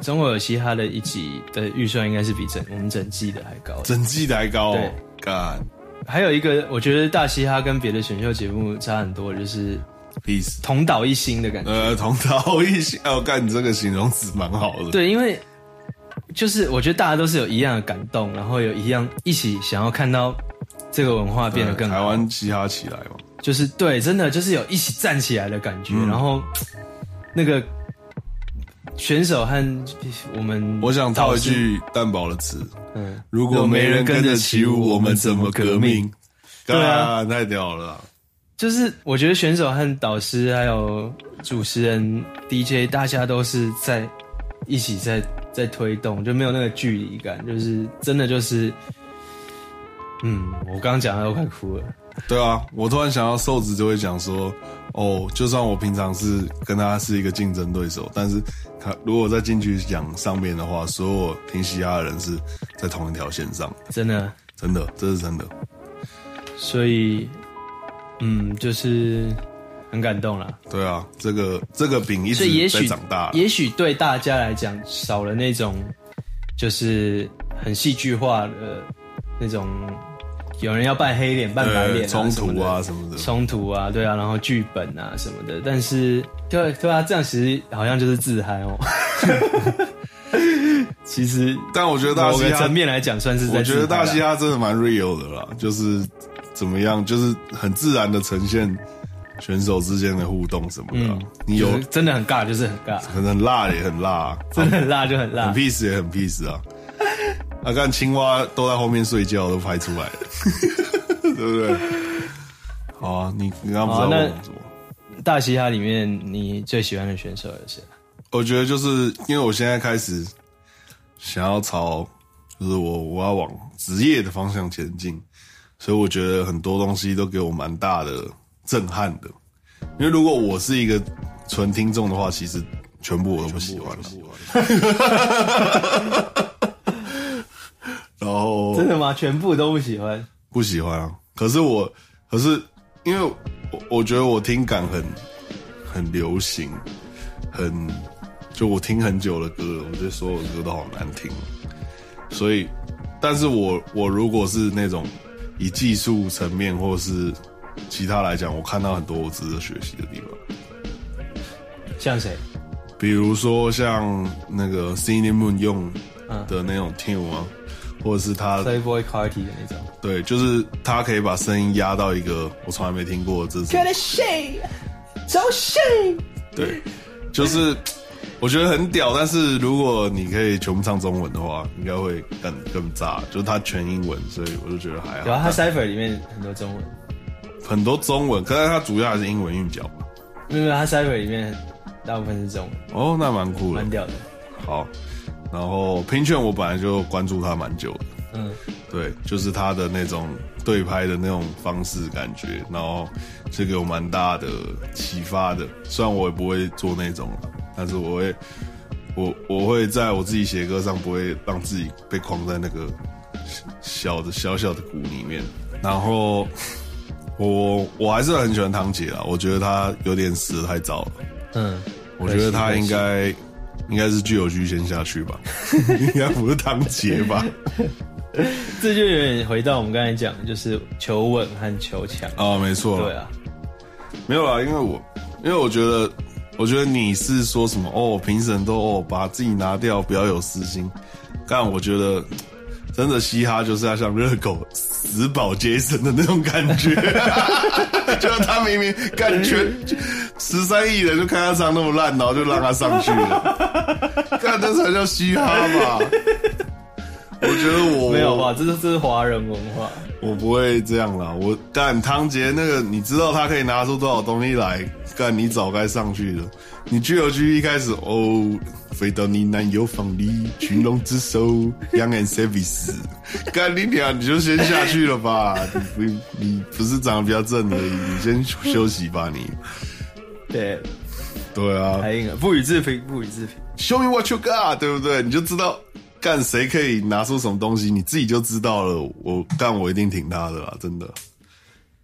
中國有嘻哈的一集的預算應該是比整我們整季的還高，整季的還高哦，對，幹。還有一個，我覺得大嘻哈跟別的選秀節目差很多，就是 please 同島一心的感覺。呃，同島一心，我幹，你這個形容詞蠻好的。對，因為就是我覺得大家都是有一樣的感動，然後有一樣一起想要看到這個文化變得更好，台灣嘻哈起來嘛。就是對，真的就是有一起站起來的感覺，然後那個。選手和我們，我想套一句蛋堡的詞。嗯，如果沒人跟着起舞，我們怎麼革命？對啊，太屌了！就是我覺得選手和導師還有主持人 DJ，大家都是在一起在在推動，就沒有那個距離感，就是真的就是，嗯，我剛剛講的我快哭了。對啊，我突然想到，瘦子就會講說：“哦，就算我平常是跟他是一個競爭對手，但是他如果再進去講上面的話，所有平息他的人是在同一條線上。”真的，真的，這是真的。所以，嗯，就是很感動啦。對啊，這個這個餅一直在長大也許，也許對大家來講少了那種，就是很戲劇化的那種。有人要扮黑臉，扮白臉啊，對對對，什麼的衝突啊什麼的，衝突啊，對啊，然後劇本啊什麼的，但是，對對啊，這樣其實好像就是自嗨哦。 其實，但我覺得大嘻哈面來講，算是在、啊、我覺得大嘻哈真的蠻 real 的啦，就是怎麼樣，就是很自然的呈現選手之間的互動什麼的、啊嗯。你有、就是、真的很尬，就是很尬，可能辣也很辣、啊， 真的很辣就很辣，啊、很 peace，也很 peace 啊。啊、看青蛙都在後面睡覺，都拍出來了， 對不對？好啊，你你剛不知道、哦、我麼？大嘻哈裡面你最喜歡的選手有誰？我覺得就是因為我現在開始想要朝，就是我我要往職業的方向前進，所以我覺得很多東西都給我蠻大的震撼的。因為如果我是一個純聽眾的話，其實全部我都不喜歡了。Oh, 真的嗎？全部都不喜歡？不喜歡啊。可是我，可是因為我，我覺得我聽感很，很流行，很，就我聽很久的歌，我覺得所有的歌都好難聽。所以，但是我我如果是那種以技術層面或是其他來講，我看到很多我值得學習的地方。像誰？比如說像那個 Cine Moon 用的那種 Tune 嗎、啊？嗯或者是他 soy boy party 的那種，對，就是他可以把聲音壓到一個我從來沒聽過的這種。Good shit，對，就是我覺得很屌，但是如果你可以全部唱中文的話，應該會更更炸。就是他全英文，所以我就覺得還好。對啊，他 Cypher 裡面很多中文，很多中文，可是他主要還是英文韻腳。沒、嗯、有，他 Cypher 裡面大部分是中文。哦，那蠻酷的，蠻屌的。好。然後平權，我本來就關注他蠻久的，嗯，對，就是他的那種對拍的那種方式感覺，然後這個有蠻大的啟發的。雖然我也不會做那種啦，但是我會，我我會在我自己寫歌上不會讓自己被框在那個小的小小的鼓裡面。然後我我還是很喜歡堂姐啊，我覺得她有點死得太早了，嗯，我覺得她應該。應該是聚友局先下去吧 應該不是唐杰吧 ？這就有點回到我們剛才講，就是求穩和求強啊，哦，沒錯，對啊，沒有啦，因為我，因為我覺得，我覺得你是說什麼哦，評審都哦，把自己拿掉，不要有私心，但我覺得。真的嘻哈就是要像熱狗、死保傑森的那種感覺 就是他明明感覺十三億人就看他唱那麼爛，然後就讓他上去了，看 這才叫嘻哈嘛！我覺得我沒有吧，這是這是華人文化，我不會這樣啦。我幹湯傑那個，你知道他可以拿出多少東西來？幹你早該上去了，你拘留區一開始哦。飛到你男友房裡，群龍之首 ，Young and Service，幹，你娘，你就先下去了吧，你不你不是長得比較正而已，你先休息吧，你。對， 對啊，不予置評，不予置評，Show me what you got，對不對？你就知道幹誰可以拿出什麼東西，你自己就知道了。我幹，我一定挺他的，啦，真的。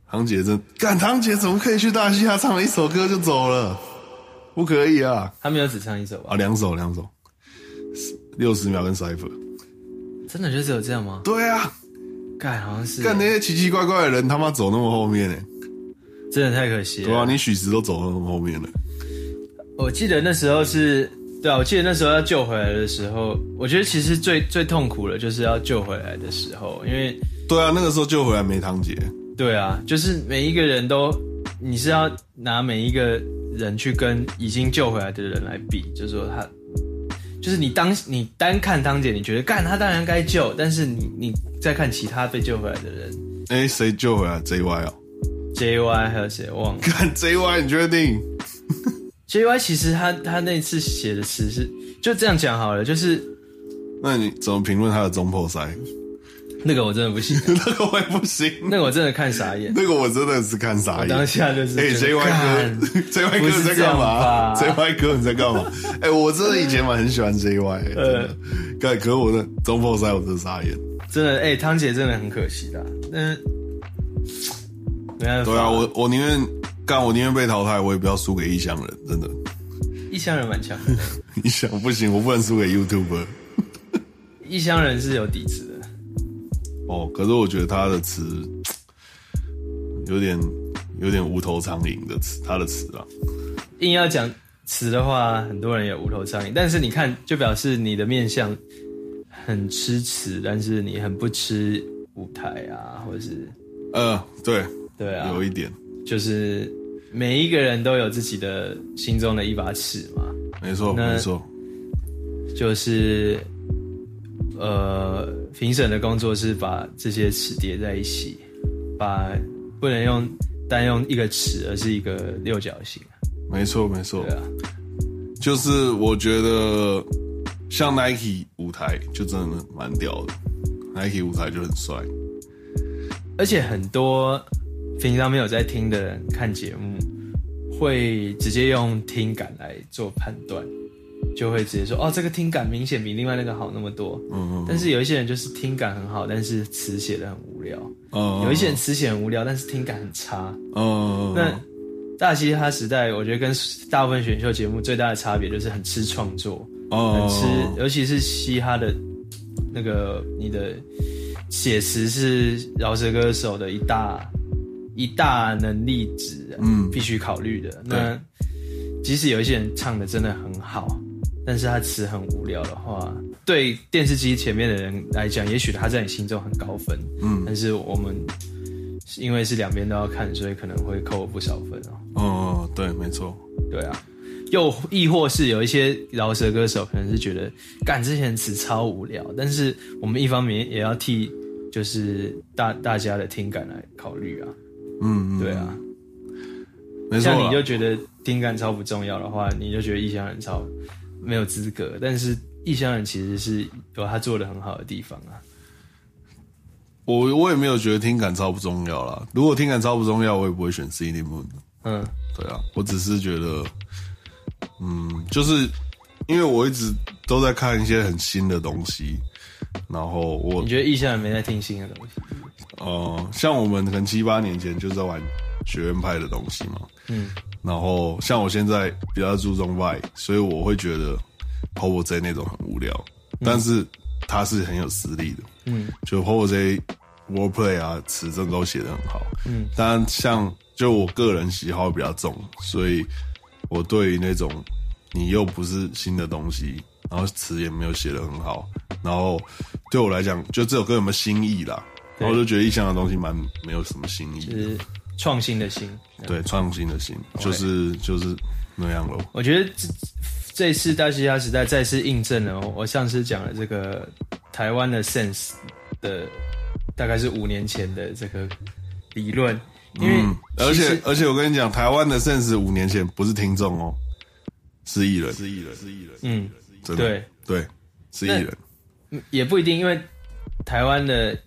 唐姐，真幹，唐姐怎麼可以去大嘻哈、啊、唱了一首歌就走了。不可以啊！他沒有只唱一首啊，兩首兩首，六十秒跟 Cypher，真的就只有這樣嗎？對啊，幹好像是幹那些奇奇怪怪的人，他媽走那麼後面呢、欸？真的太可惜了。對啊，你許直都走那麼後面了。我記得那時候是，對啊，我記得那時候要救回來的時候，我覺得其實最最痛苦的就是要救回來的時候，因為對啊，那個時候救回來沒唐杰。對啊，就是每一個人都，你是要拿每一個。人去跟已經救回來的人來比，就是說他，就是你當你單看當姐，你覺得幹他當然該救，但是你你再看其他被救回來的人，哎，誰救回來？J Y 哦，J Y 還有誰忘了？看 J Y，你確定 ？J Y 其實他他那次寫的詞是就這樣講好了，就是那你怎麼評論他的中破塞？那個我真的不行、啊，那個我也不行，那個我真的看傻眼， 那個我真的是看傻眼。當下就是、欸，哎，ZY 哥，ZY 哥你在幹嘛？ZY 哥你在幹嘛？哎、 欸，我真的以前蠻很喜歡 ZY，、欸、真的。幹、嗯，可我的中破賽我真的傻眼。真的，哎、欸，湯姐真的很可惜的，那對啊，我我寧願幹，我寧願被淘汰，我也不要輸給異鄉人。真的，異鄉人蠻強的。 你想不行，我不能輸給 YouTuber。異 鄉人是有底子的。哦，可是我覺得他的詞有點有點無頭蒼蠅的詞，他的詞啊。硬要講詞的話，很多人也無頭蒼蠅。但是你看，就表示你的面相很吃詞，但是你很不吃舞台啊，或者是……呃，對，對啊，有一點，就是每一個人都有自己的心中的一把尺嘛，沒錯，沒錯，就是。呃，評審的工作是把這些詞疊在一起，把不能用單用一個詞，而是一個六角形。沒錯，沒錯，對啊，就是我覺得像 Nike 舞台就真的蠻屌的，Nike 舞台就很帥，而且很多平常沒有在聽的人看節目，會直接用聽感來做判斷。就會直接說哦，這個聽感明顯比另外那個好那麼多。嗯嗯。但是有一些人就是聽感很好，但是詞寫的很無聊。哦。有一些人詞寫很無聊，但是聽感很差。哦。那大嘻哈時代，我覺得跟大部分選秀節目最大的差別就是很吃創作。哦。很吃，尤其是嘻哈的那個，你的寫詞是饒舌歌手的一大一大能力值。嗯。必須考慮的。嗯、那即使有一些人唱的真的很好，但是他詞很無聊的話，對電視機前面的人來講，也許他在你心中很高分，嗯，但是我們因為是兩邊都要看，所以可能會扣不少分哦、喔。哦，對，沒錯，對啊，又亦或是有一些饒舌歌手可能是覺得幹，之前詞超無聊，但是我們一方面也要替就是大大家的聽感來考慮啊，嗯，嗯，對啊，沒錯，像你就覺得聽感超不重要的話，你就覺得意象很超。沒有資格，但是異鄉人其實是有他做得很好的地方啊。我我也沒有覺得聽感超不重要啦，如果聽感超不重要，我也不會選 CD Moon。嗯，對啊，我只是覺得，嗯，就是因為我一直都在看一些很新的東西，然後我，你覺得異鄉人沒在聽新的東西？哦、呃，像我們可能七八年前就在玩。學院派的東西嘛，嗯，然後像我現在比較注重 Y，所以我會覺得 Popo Z 那種很無聊，嗯，但是他是很有實力的，嗯，就 Popo Z Wordplay 啊詞正都寫的很好，嗯，但像就我個人喜好比較重，所以我對於那種你又不是新的東西，然後詞也沒有寫的很好，然後對我來講，就這首歌有沒有新意啦，然後我就覺得意向的東西蠻沒有什麼新意的。創新的心，對，創、嗯、新的心就是、okay. 就是那樣咯。我覺得這這次大嘻哈時代再次印證了我上次講的這個台灣的 sense 的，大概是五年前的這個理論。因為、嗯、而且而且我跟你講，台灣的 sense 五年前不是聽眾哦，是藝人，是藝人，是藝人，人，嗯，真的對對，是藝人，對是人，也不一定，因為台灣的。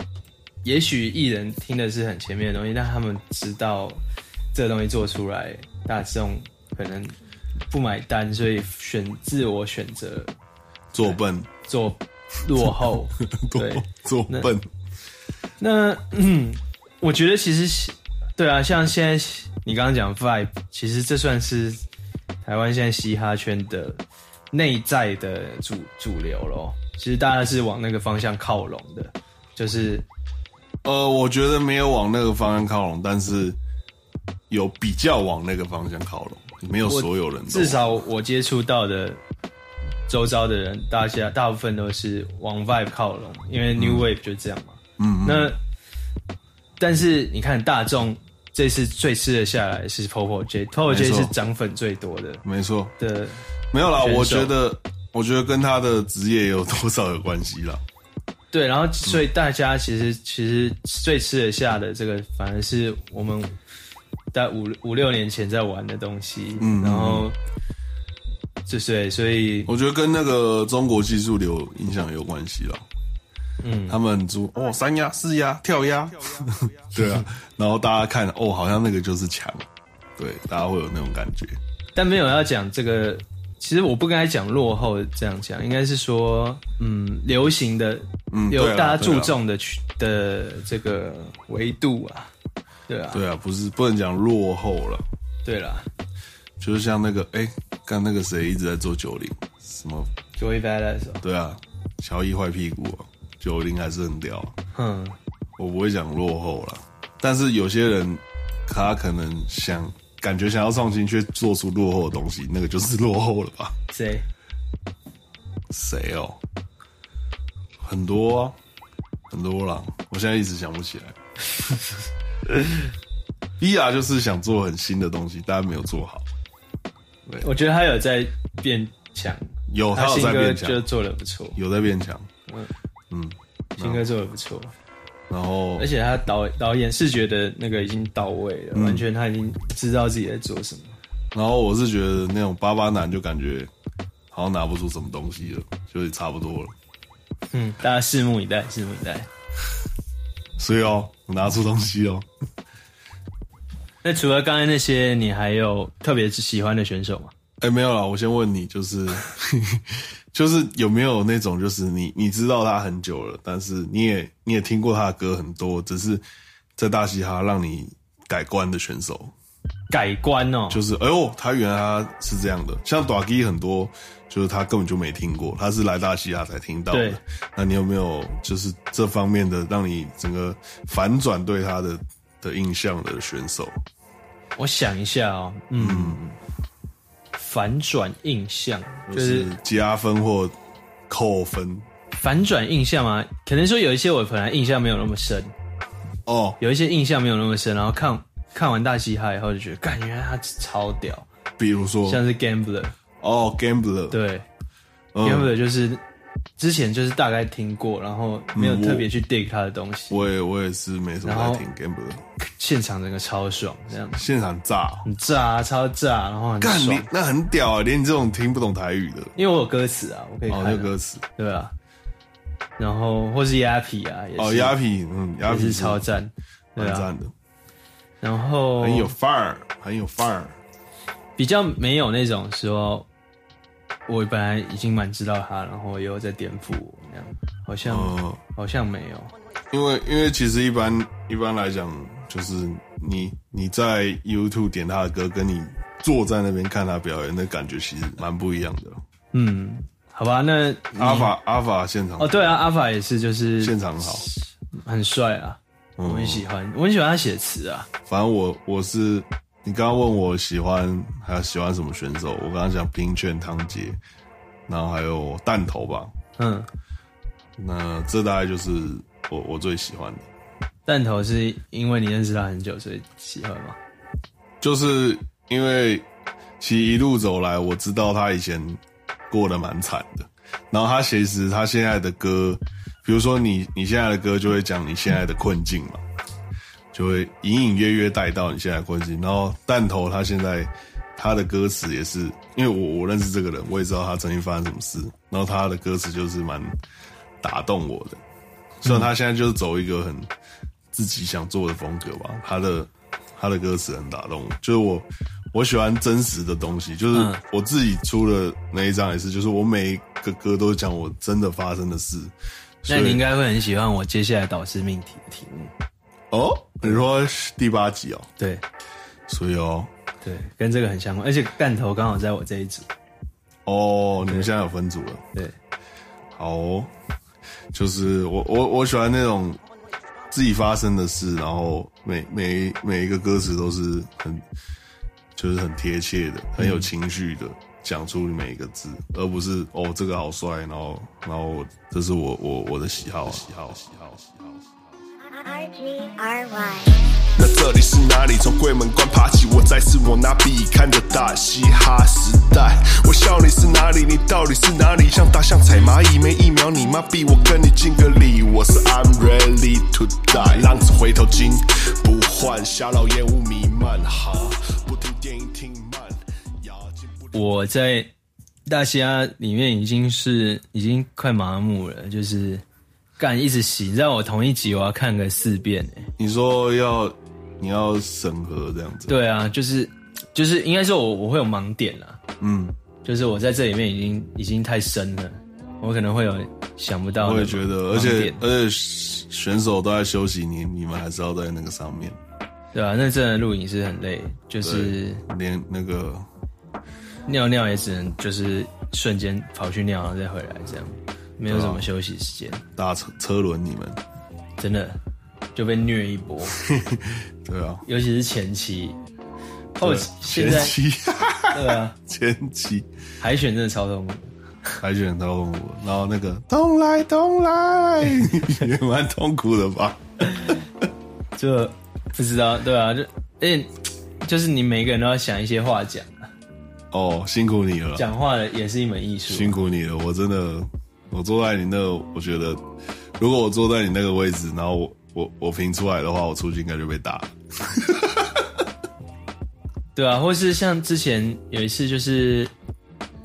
也許藝人聽的是很前面的東西，但他們知道這個東西做出來，大眾可能不買單，所以選自我選擇做笨、嗯、做落後、 對，做笨。那，那嗯，我覺得其實對啊，像現在你剛剛講 vibe，其實這算是台灣現在嘻哈圈的內在的主主流咯，其實大家是往那個方向靠攏的，就是。呃，我覺得沒有往那個方向靠攏，但是有比較往那個方向靠攏，沒有所有人。至少我接觸到的周遭的人，大家大部分都是往 Vibe 靠攏，因為 New、嗯、Wave 就這樣嘛。嗯。那嗯，但是你看大眾這次最吃得下來是 Popo J，Popo J 是漲粉最多的，沒錯的。沒有啦，我覺得我覺得跟他的職業有多少有關係啦。對，然後所以大家其實、嗯、其實最吃得下的這個，反而是我們在五五六年前在玩的東西。嗯，然後、嗯、就是所以，我覺得跟那個中國技術流影響有關係了。嗯，他們很做哦三押四押跳押，對啊， 然後大家看哦，好像那個就是強。對，大家會有那種感覺。但沒有要講這個，其實我不該講落後，這樣講，應該是說嗯流行的。嗯，有大家注重的去、啊啊、的這個維度啊，對啊，對啊，不是不能講落後了，對啦、啊，就是像那個哎，剛那個誰一直在做九零，什麼喬伊巴拉斯，對啊，喬伊壞屁股、啊，九零還是很屌、啊，嗯，我不會講落後了，但是有些人他可能想感覺想要創新，卻做出落後的東西，那個就是落後了吧？誰？誰哦？很多、啊，很多了。我現在一直想不起來。b r 就是想做很新的東西，但還沒有做好。我覺得他有在變強，有他有在變強、啊、新歌就做的不錯，有在變強。嗯，新、嗯、歌做的不錯。然後，而且他導導演是覺得那個已經到位了、嗯，完全他已經知道自己在做什麼。然後我是覺得那種巴巴男就感覺好像拿不出什麼東西了，就是差不多了。嗯，大家拭目以待，拭目以待。所以哦，我拿出東西哦。那除了剛才那些，你還有特別喜歡的選手嗎？哎、欸，沒有啦。我先問你，就是， 就是有沒有那種，就是你你知道他很久了，但是你也你也聽過他的歌很多，只是在大嘻哈讓你改觀的選手。改觀哦、喔，就是哎呦，他原來他是這樣的，像 Ducky 很多。就是他根本就沒聽過，他是來大嘻哈才聽到的。那你有沒有就是這方面的讓你整個反轉對他的的印象的選手？我想一下哦、喔嗯。嗯，反轉印象、就是、就是加分或扣分。反轉印象啊，可能說有一些我本來印象沒有那麼深哦，有一些印象沒有那麼深，然後看看完大嘻哈以後就覺得，感覺他超屌。比如說，像是 Gambler。哦、oh，Gambler，對、嗯、Gambler 就是之前就是大概聽過，然後沒有特別去 dig 他的東西。嗯、我也我也是沒什麼太聽 Gambler，現場整個超爽，這樣子，現場炸，很炸、啊，超炸，然後很爽幹，你那很屌啊，連你這種聽不懂台語的，因為我有歌詞啊，我可以看、啊哦、歌詞，對啊，然後或是鴨皮啊，也是。哦鴨皮，嗯，鴨皮是，也是超讚、啊，很讚的，然後很有範兒，很有範兒，比較沒有那種說。我本來已經蠻知道他，然後也有在顛覆我，那樣好像、嗯、好像沒有，因為因為其實一般一般來講，就是你你在 YouTube 點他的歌，跟你坐在那邊看他表演的感覺，其實蠻不一樣的。嗯，好吧，那阿法阿法現場好哦，對啊，阿法也是，就是、啊、現場好，很帥啊，我很喜歡，嗯、我很喜歡他寫詞啊，反正我我是。你剛剛問我喜歡還有喜歡什麼選手，我剛剛講冰泉湯傑，然後還有蛋頭吧，嗯，那這大概就是我我最喜歡的。蛋頭是因為你認識他很久，所以喜歡嗎？就是因為其實一路走來，我知道他以前過得蠻慘的，然後他其實他現在的歌，比如說你你現在的歌就會講你現在的困境嘛。嗯就會隱隱約約帶到你現在困境，然後彈頭他現在他的歌詞也是，因為我我認識這個人，我也知道他曾經發生什麼事，然後他的歌詞就是蠻打動我的。雖、嗯、然他現在就是走一個很自己想做的風格吧，他的他的歌詞很打動我，就是我我喜歡真實的東西，就是我自己出的那一張也是、嗯，就是我每一個歌都講我真的發生的事。所以那你應該會很喜歡我接下來導師命題的題目。哦，你說第八集哦？對，所以哦，對，跟這個很相關，而且彈頭剛好在我這一組。哦，你們現在有分組了？對，好，哦，就是我我我喜歡那種自己發生的事，然後每每每一個歌詞都是很，就是很貼切的，很有情緒的講出每一個字，嗯，而不是哦這個好帥，然後然後這是我我我的喜好啊，喜好，喜好喜好喜好。R -G -R -Y 那這裡是哪裡？從鬼門關爬起，我再次我拿筆看着大嘻哈時代。我笑你是哪裡？你到底是哪裡？像大象踩螞蟻，沒疫苗你媽 B。我，跟你敬個禮。我是 I'm ready to die，浪子回頭金不換，蝦格煙霧迷漫蛤，huh? 不聽電音聽慢。我在大嘻哈裡面已經是已經快麻木了，就是。幹，一直洗？你知道我同一集我要看個四遍誒、欸。你說要，你要審核這樣子。對啊，就是就是，應該是我我會有盲點啦。嗯，就是我在這裡面已經已經太深了，我可能會有想不到。我也覺得，而且而且選手都在休息，你你們還是要在那個上面。對啊，那真的錄影是很累，就是連那個尿尿也只能就是瞬間跑去尿、啊，然後再回來這樣。沒有什麼休息時間，搭、啊、車車輪你們真的就被虐一波。 對啊，尤其是前期，後、哦、期現在期，對啊，前期海選真的超痛苦，海選超痛苦，然後那個東 來咚東來 也蠻痛苦的吧， 就不知道對啊，就哎、欸，就是你每個人都要想一些話講，哦，辛苦你了，講話的也是一門藝術、啊，辛苦你了，我真的。我坐在你那個，我覺得如果我坐在你那個位置，然後我我我評出來的話，我出去應該就被打。 對啊，或是像之前有一次，就是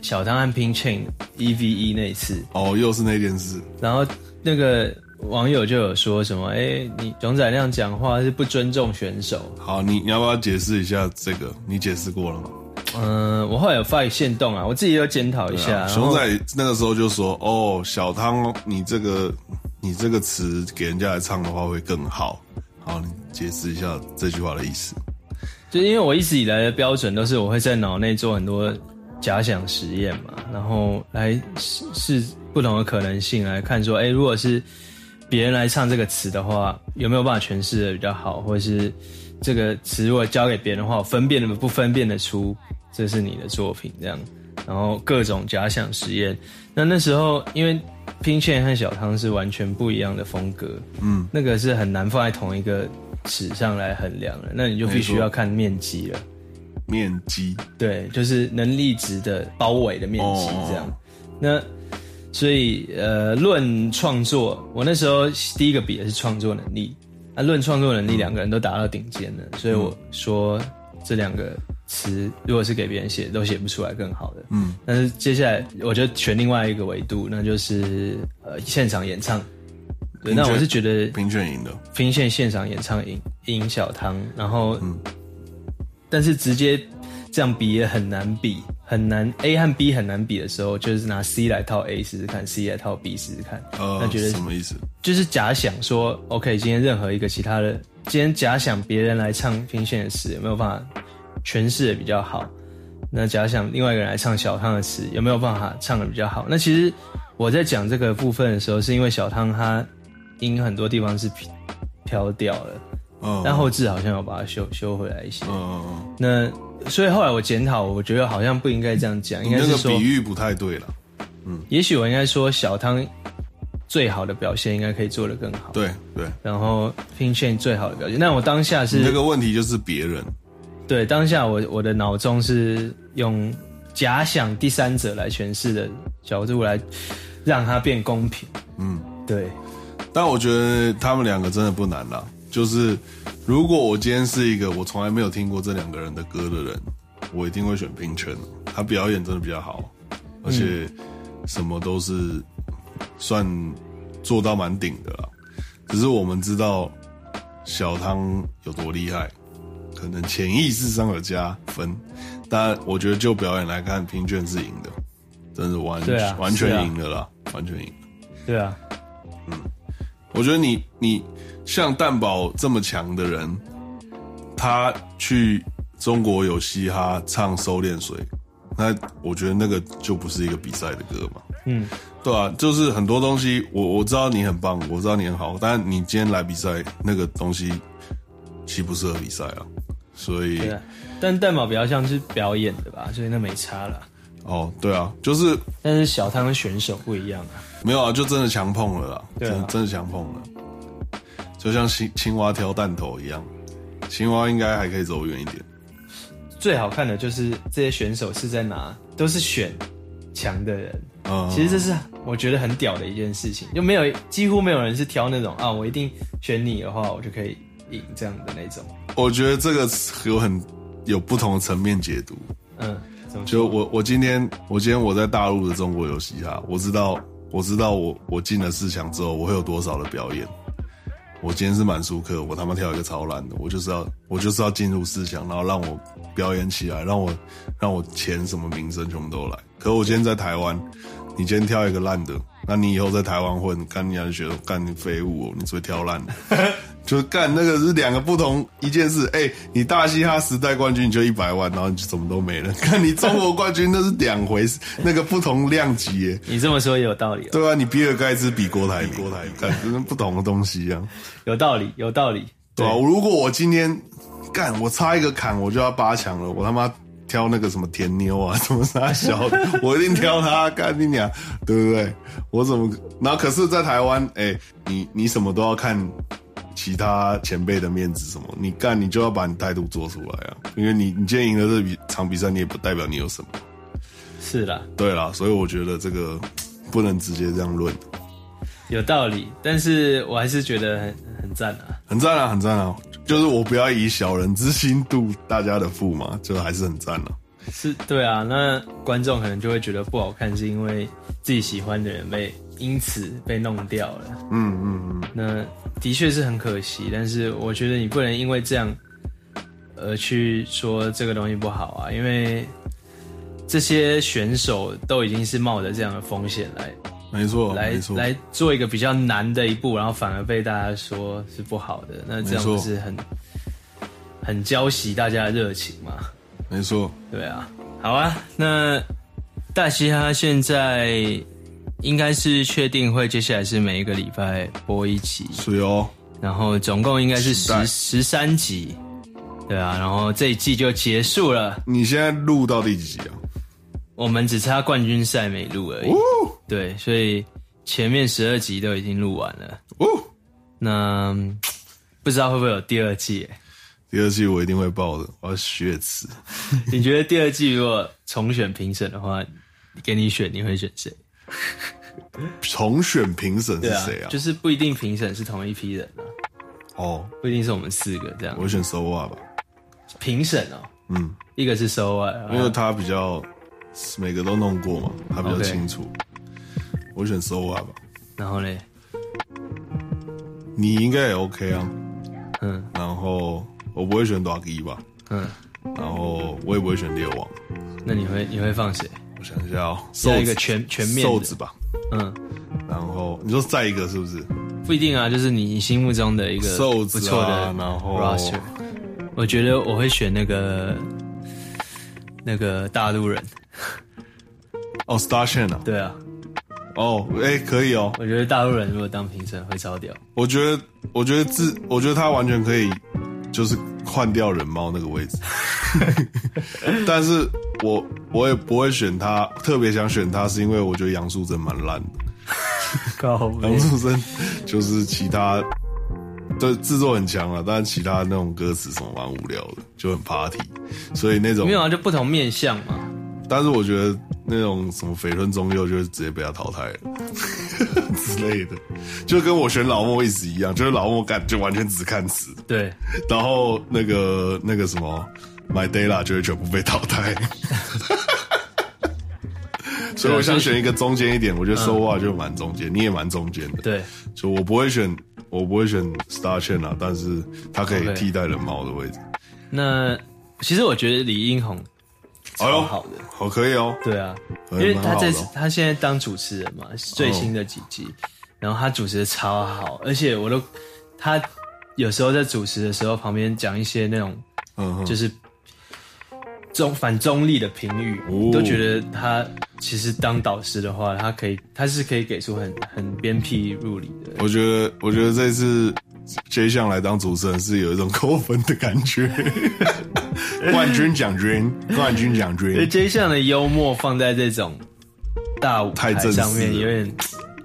小湯和 Pin Chain 一 v 一那一次。哦，又是那件事。然後那個網友就有說什麼：“哎，你熊仔那樣講話是不尊重選手。”好，你你要不要解釋一下這個？你解釋過了嗎？嗯，我後來有發現動啊，我自己要檢討一下。啊、熊仔那個時候就說：“哦，小湯你、這個，你這個你這個詞給人家來唱的話會更好。”好，你解釋一下這句話的意思。就因為我一直以來的標準都是我會在腦內做很多假想實驗嘛，然後來試不同的可能性來看說，說、欸、哎，如果是別人來唱這個詞的話，有沒有辦法詮釋的比較好，或者是？這個詞如果交給別人的話，我分辨的不分辨得出這是你的作品這樣，然後各種假想實驗。那那時候因為拼線和小湯是完全不一樣的風格，嗯，那個是很難放在同一個尺上來衡量的。那你就必須要看面積了。面積對，就是能力值的包圍的面積這樣。哦、那所以呃，論創作，我那時候第一個比的是創作能力。啊，論創作能力，兩個人都達到頂尖了，嗯，所以我說這兩個詞，如果是給別人寫，都寫不出來更好的。嗯，但是接下來，我就選另外一個維度，那就是，呃，現場演唱。對，那我是覺得，冰捲贏的。冰線現場演唱贏贏小湯，然後，嗯，但是直接這樣比也很難比。很難，A 和 B 很難比的時候，就是拿 C 來套 A 試試看，C 來套 B 試試看。哦，那覺得什麼意思？就是假想說，OK，今天任何一個其他的，今天假想別人來唱聽線的詞有沒有辦法詮釋的比較好？那假想另外一個人來唱小湯的詞有沒有辦法唱的比較好？那其實我在講這個部分的時候，是因為小湯他音很多地方是飄掉了。嗯，但後製好像要把它修修回來一些。嗯嗯嗯。那所以後來我檢討，我覺得好像不應該這樣講，應該是說那個比喻不太對了。嗯，也許我應該說小湯最好的表現應該可以做得更好。對對。然後 Pin Chain 最好的表現，那我當下是那個問題就是別人。對，當下我我的腦中是用假想第三者來詮釋的角度來讓它變公平。嗯，對。但我覺得他們兩個真的不難了。就是，如果我今天是一個我從來沒有聽過這兩個人的歌的人，我一定會選平權。他表演真的比較好，而且什麼都是算做到蠻頂的啦。只是我們知道小湯有多厲害，可能潛意識上有加分。但我覺得就表演來看，平權是贏的，真的完完全贏的啦，完全贏。對啊。我覺得你你像蛋堡這麼強的人，他去中國有嘻哈唱《收斂水》，那我覺得那個就不是一個比賽的歌嘛。嗯，對啊，就是很多東西，我我知道你很棒，我知道你很好，但你今天來比賽那個東西，豈不適合比賽啊？所以，對啊、但蛋堡比較像是表演的吧，所以那沒差啦。哦，對啊，就是。但是小湯選手不一樣啊。沒有啊，就真的強碰了啦！啊、真的，真的強碰了，就像青青蛙挑彈頭一樣，青蛙應該還可以走遠一點。最好看的就是這些選手是在哪，都是選強的人。啊、嗯，其實這是我覺得很屌的一件事情，就沒有幾乎沒有人是挑那種啊，我一定選你的話，我就可以贏這樣的那種。我覺得這個有很有不同的層面解讀。嗯，怎麼說，就我我今天我今天我在大陸的中國有嘻哈，我知道。我知道我我進了四強之後我會有多少的表演。我今天是滿舒克，我他媽跳一個超爛的，我就是要我就是要進入四強，然後讓我表演起來，讓我讓我錢什麼名聲全部都來。可我今天在台灣，你今天跳一個爛的。那你以後在台灣混，幹人家學得干廢物、喔，你只會跳爛就是幹那個是兩個不同一件事。哎、欸，你大嘻哈時代冠軍你就一百萬，然後你就什麼都沒了。幹你中國冠軍那是兩回事， 那個不同量級耶。你這麼說也有道理、啊。對啊，你比爾蓋茨比郭台國郭台銘，就跟、是、不同的東西一、啊、樣。有道理，有道理。對,對啊，如果我今天幹，我差一個坎我就要八強了，我他媽。挑那個什麼甜妞啊，什麼殺小， 我一定挑他幹 你娘，對不對？我怎麼？然後可是，在台灣，哎、欸，你你什麼都要看其他前輩的面子，什麼？你幹，你就要把你態度做出來啊！因為你你今天贏了這比場比賽，你也不代表你有什麼。是啦，對啦，所以我覺得這個不能直接這樣論。有道理，但是我還是覺得很很讚啊，很讚啊，很讚啊。就是我不要以小人之心度大家的腹嘛，就還是很讚了啊。是，對啊，那觀眾可能就會覺得不好看，是因為自己喜歡的人被因此被弄掉了。嗯嗯嗯，那的確是很可惜，但是我覺得你不能因為這樣，而去說這個東西不好啊，因為這些選手都已經是冒着這樣的風險來。沒錯，來來做一個比較難的一步，然後反而被大家說是不好的，那這樣就是很很澆熄大家的熱情嘛。沒錯，對啊，好啊，那大嘻哈現在應該是確定會接下來是每一個禮拜播一集，是哦，然後總共應該是十十三集，對啊，然後這一季就結束了。你現在錄到第幾集啊？我們只差冠軍賽沒錄而已，對，所以前面十二集都已經錄完了。那不知道會不會有第二季。欸？第二季我一定會報的，我要雪恥。 你覺得第二季如果重選評審的話，給你選，你會選誰？ 重選評審是誰啊？對啊？就是不一定評審是同一批人啊。哦，不一定是我們四個這樣。我選 Soar 吧。評審哦，嗯，一個是 Soar，因為他比較。每個都弄過嘛，還比較清楚。Okay. 我選 Soa 吧。然後嘞，你應該也 OK 啊。嗯。然後我不會選 Doggy 吧。嗯。然後我也不會選獵王。那你會你會放誰？我想一下、哦，再一個全全面的瘦子吧。嗯。然後你說再一個是不是？不一定啊，就是你心目中的一個不錯的瘦子、啊。然後、Raster，我覺得我會選那個那個大陸人。哦、oh，Star Chain 啊！對啊，哦，哎，可以哦。我覺得大陸人如果當評審會超屌。我覺得，我覺得自，我覺得他完全可以，就是換掉人貓那個位置。 但是我，我我也不會選他。特別想選他，是因為我覺得楊樹珍蠻爛的。高楊樹珍就是其他，對製作很強了，但是其他那種歌詞什麼蠻無聊的，就很 Party。所以那種沒有啊就不同面向嘛。但是我覺得。那種什麼肥臀中右就直接被他淘汰之類的，就跟我選老莫意思一樣，就是老莫干，就完全只看詞。對，然後那個那個什麼 My Data 就會全部被淘汰。 所以我想選一個中間一點，啊、我覺得 s o a 就蠻中間、嗯，你也蠻中間的。對，就我不會選，我不會選 Star Chain 啊，但是他可以替代人貓的位置。Okay. 那其實我覺得李英宏。好好的、哎，好可以哦。對啊，嗯、因為他這次他現在當主持人嘛，最新的幾集，哦、然後他主持的超好，而且我都他有時候在主持的時候，旁邊講一些那種，嗯，就是中反中立的評語，哦、都覺得他其實當導師的話，他可以，他是可以給出很很鞭辟入裡的。我覺得，我覺得這次。嗯 J 項來當主持人是有一種扣分的感覺。冠軍獎軍，冠軍獎軍。J 項的幽默放在這種大舞台上面，有點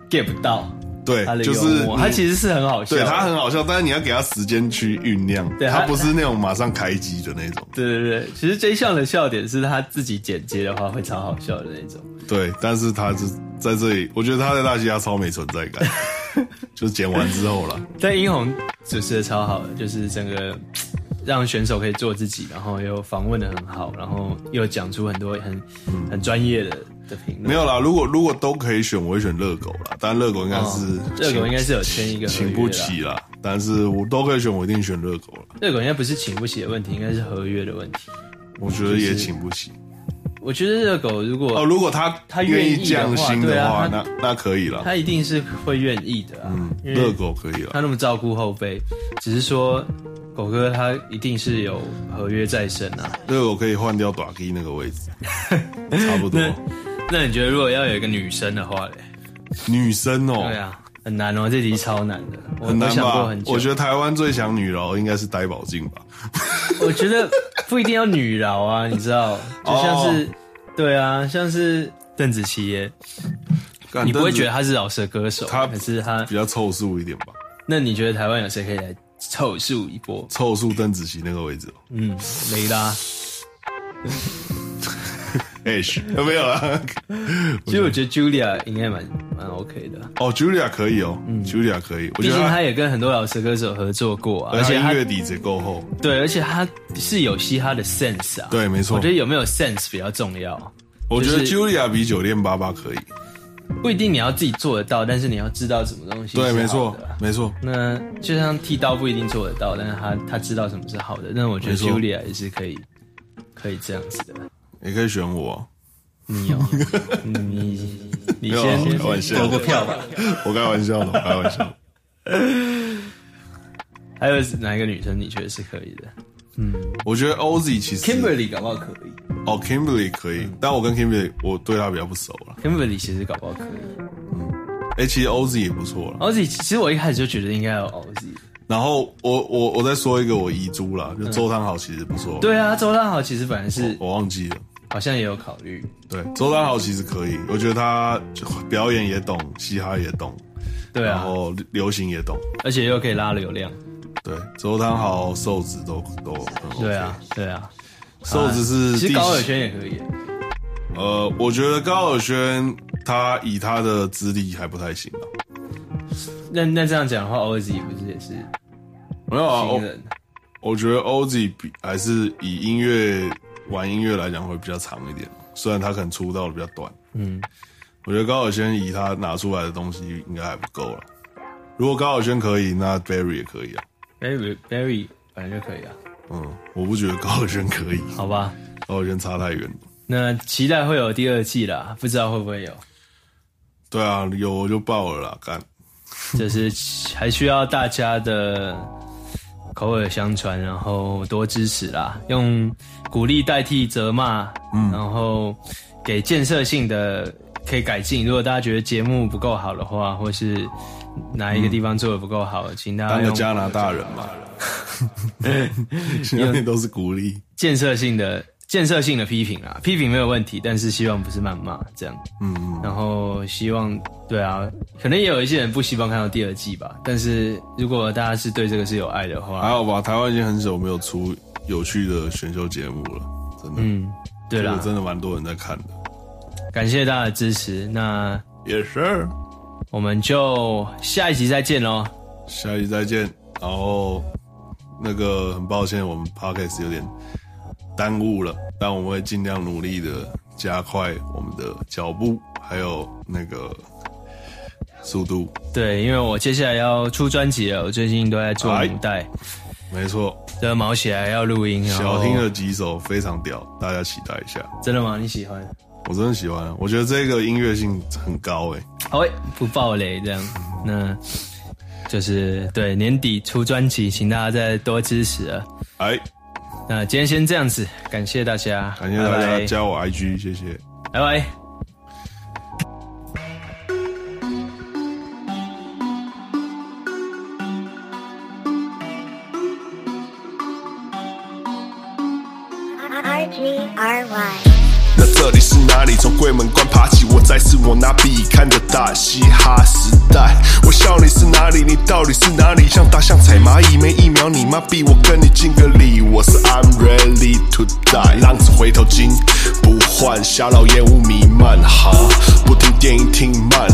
get 不到。對，就是他其實是很好笑，對，他很好笑，但是你要給他時間去醞釀，對他，他不是那種馬上開機的那種。對對對，其實 J 項的笑點是他自己剪接的話會超好笑的那種。對，但是他是在這裡，我覺得他在大嘻哈超沒存在感。 就剪完之後了。對，英紅主持的超好的，就是整個讓選手可以做自己，然後又訪問的很好，然後又講出很多很、嗯、很專業的的評論。沒有啦，如果如果都可以選，我會選熱狗啦。但熱狗應該是熱、哦、狗應該是有簽一個，請不起啦，但是我都可以選，我一定選熱狗啦。熱狗應該不是請不起的問題，應該是合約的問題。我覺得也請不起。嗯，就是我覺得熱狗如果哦，如果他他願意降薪的話，啊、那那可以了。他一定是會願意的啊。熱、嗯、狗可以了。他那麼照顧後輩，只是說狗哥他一定是有合約在身啊。熱、嗯、狗可以換掉短 K 那個位置， 差不多那。那你覺得如果要有一個女生的話嘞？女生哦，對啊，很難哦，這題超難的， 很難吧？我覺得台灣最強女饒應該是呆寶靜吧。我覺得。 不一定要女饒啊，你知道，就像是，oh. 對啊，像是鄧紫棋耶，你不會覺得她是饒舌歌手，她只是她比較湊數一點吧？那你覺得台灣有誰可以來湊數一波？湊數鄧紫棋那個位置喔？嗯，雷啦。 有沒有啊？其實我覺得 Julia 應該蠻蠻 OK 的。哦，Julia 可以哦、嗯、，Julia 可以。我覺得她畢竟他也跟很多饒舌歌手合作過啊，而且,而且音樂底子也夠厚。對，而且他是有嘻哈的 sense 啊、嗯。對，沒錯。我覺得有沒有 sense 比較重要。就是、我覺得 Julia 比 9m88 可以。不一定你要自己做得到，但是你要知道什麼東西、啊。對，沒錯，沒錯。那就像剃刀不一定做得到，但是他他知道什麼是好的。那我覺得 Julia 也是可以，可以這樣子的。也可以選我、啊，你，哦、 你你你先投個票吧。我開玩笑的， 開玩笑。 玩 還有哪一個女生你覺得是可以的？ 嗯，我覺得 Ouzi 其實 Kimberly 搞不好可以。哦，Kimberly 可以、嗯，但我跟 Kimberly 我對她比較不熟了。Kimberly 其實搞不好可以。嗯，哎，其實 Ouzi 也不錯了。Ouzi 其實我一開始就覺得應該要 Ouzi 然後我我我再說一個我遺珠啦，就周湯豪其實不錯、嗯。對啊，周湯豪其實本來是，我忘記了。好像也有考慮，對周湯豪其實可以，我覺得他表演也懂，嘻哈也懂，對啊，然後流行也懂，而且又可以拉流量，對周湯豪瘦子、嗯、都都很好、OK，對啊對啊，瘦子是第其實高爾宣也可以，呃，我覺得高爾宣他以他的資歷還不太行、啊、那那這樣講的話，OZI 不是也是新人沒有啊，o, 我覺得 OZI 比還是以音樂。玩音樂來講會比較長一點，雖然他可能出道的比較短。嗯，我覺得高爾宣以他拿出來的東西應該還不夠了。如果高爾宣可以，那 Berry 也可以啊。Berry、Berry 本來就可以啊。嗯，我不覺得高爾宣可以。好吧，高爾宣差太遠。那期待會有第二季啦，不知道會不會有。對啊，有我就爆了啦！幹， 這是還需要大家的。口耳相傳，然後多支持啦，用鼓勵代替責罵，嗯，然後給建設性的可以改進。如果大家覺得節目不夠好的話，或是哪一個地方做的不夠好，嗯、請大家當個加拿大人嘛，永遠都是鼓勵建設性的。建設性的批評啦，批評沒有問題，但是希望不是謾罵這樣。嗯嗯。然後希望，對啊，可能也有一些人不希望看到第二季吧。但是如果大家是對這個是有愛的話，還好吧。台灣已經很久沒有出有趣的選秀節目了，真的。嗯，對啦，這個、真的蠻多人在看的。感謝大家的支持，那也是，我們就下一集再見嘍。下一集再見，然後那個很抱歉，我們 Podcast 有點。耽誤了，但我會盡量努力的加快我們的腳步，還有那個速度。對，因為我接下來要出專輯了，我最近都在做五代，沒錯。這個毛起來要錄音，哦。小聽了幾首，非常屌，大家期待一下。真的嗎？你喜歡？我真的喜歡，我覺得這個音樂性很高誒。好誒，不爆雷這樣，那就是對年底出專輯，請大家再多支持啊！哎。那今天先這樣子，感謝大家，感謝大家加我 IG，謝謝，拜拜。RGRY。那這裡是哪裡？從鬼門關爬起，我再次我拿筆看著大嘻哈時代。我笑你是哪裡？你到底是哪裡？像大象踩螞蟻，沒疫苗你媽 B 我跟你敬個禮。我是 I'm ready to die，浪子回頭金不換，蝦格煙霧迷漫哈，huh? 不聽電音聽慢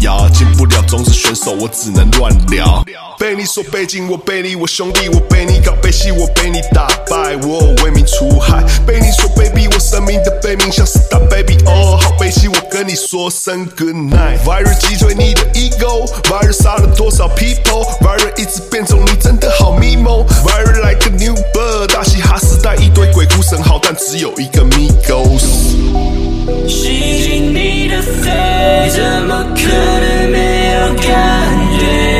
搖，進、yeah? 不了種子選手，我只能亂聊。被你說背景，我被你；我兄弟，我被你搞背戲，我被你打敗。我為民除害，被你說卑鄙，我生命的悲鳴像是 DA BABY 哦，好悲淒，我跟你說聲 good night。Virus 擊退你的 ego，Virus 殺了多少 people？Virus 一直變種，你真的好迷濛 Virus like a new bird，大嘻哈時代一堆鬼哭神嚎，但只有一個 Migos。吸進你的肺，怎麼可能沒有感覺？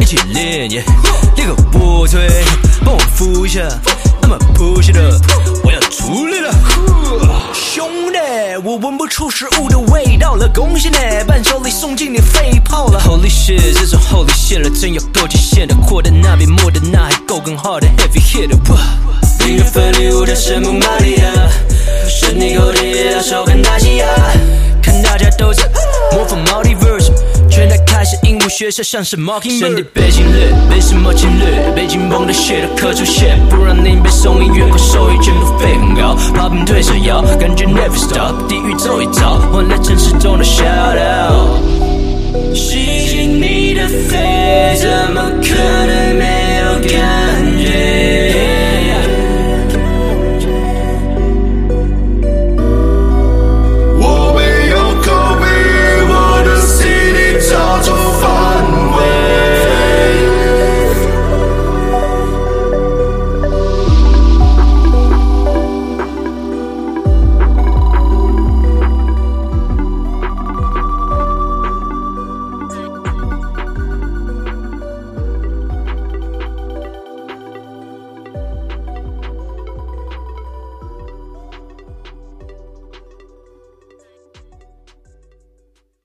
一起練、yeah，練個臥推，幫我扶一下，I'ma push it up，我要出力啦。兄弟，我聞不出食物的味道了，恭喜你，伴手禮送進你肺泡了。Holy shit，這種厚禮謝了，真有夠極限的，獲得那比，莫德納還 go 更 hard 的。Heavy hitter，哇，靈肉分離呼叫聖母瑪莉亞，剩一口氣也要收看大嘻哈，看大家都在模仿 multiverse 還是鸚鵡學舌，像是 mockingbird 身體被侵略，被什麼侵略？被緊繃的 shit 都咳出血，還不讓拎杯送醫院，狂瘦一圈飛很高。Popping 退燒藥，感覺 never stop。地獄走一遭，換來陳時中的 shout out。吸進你的肺怎麼可能沒有感？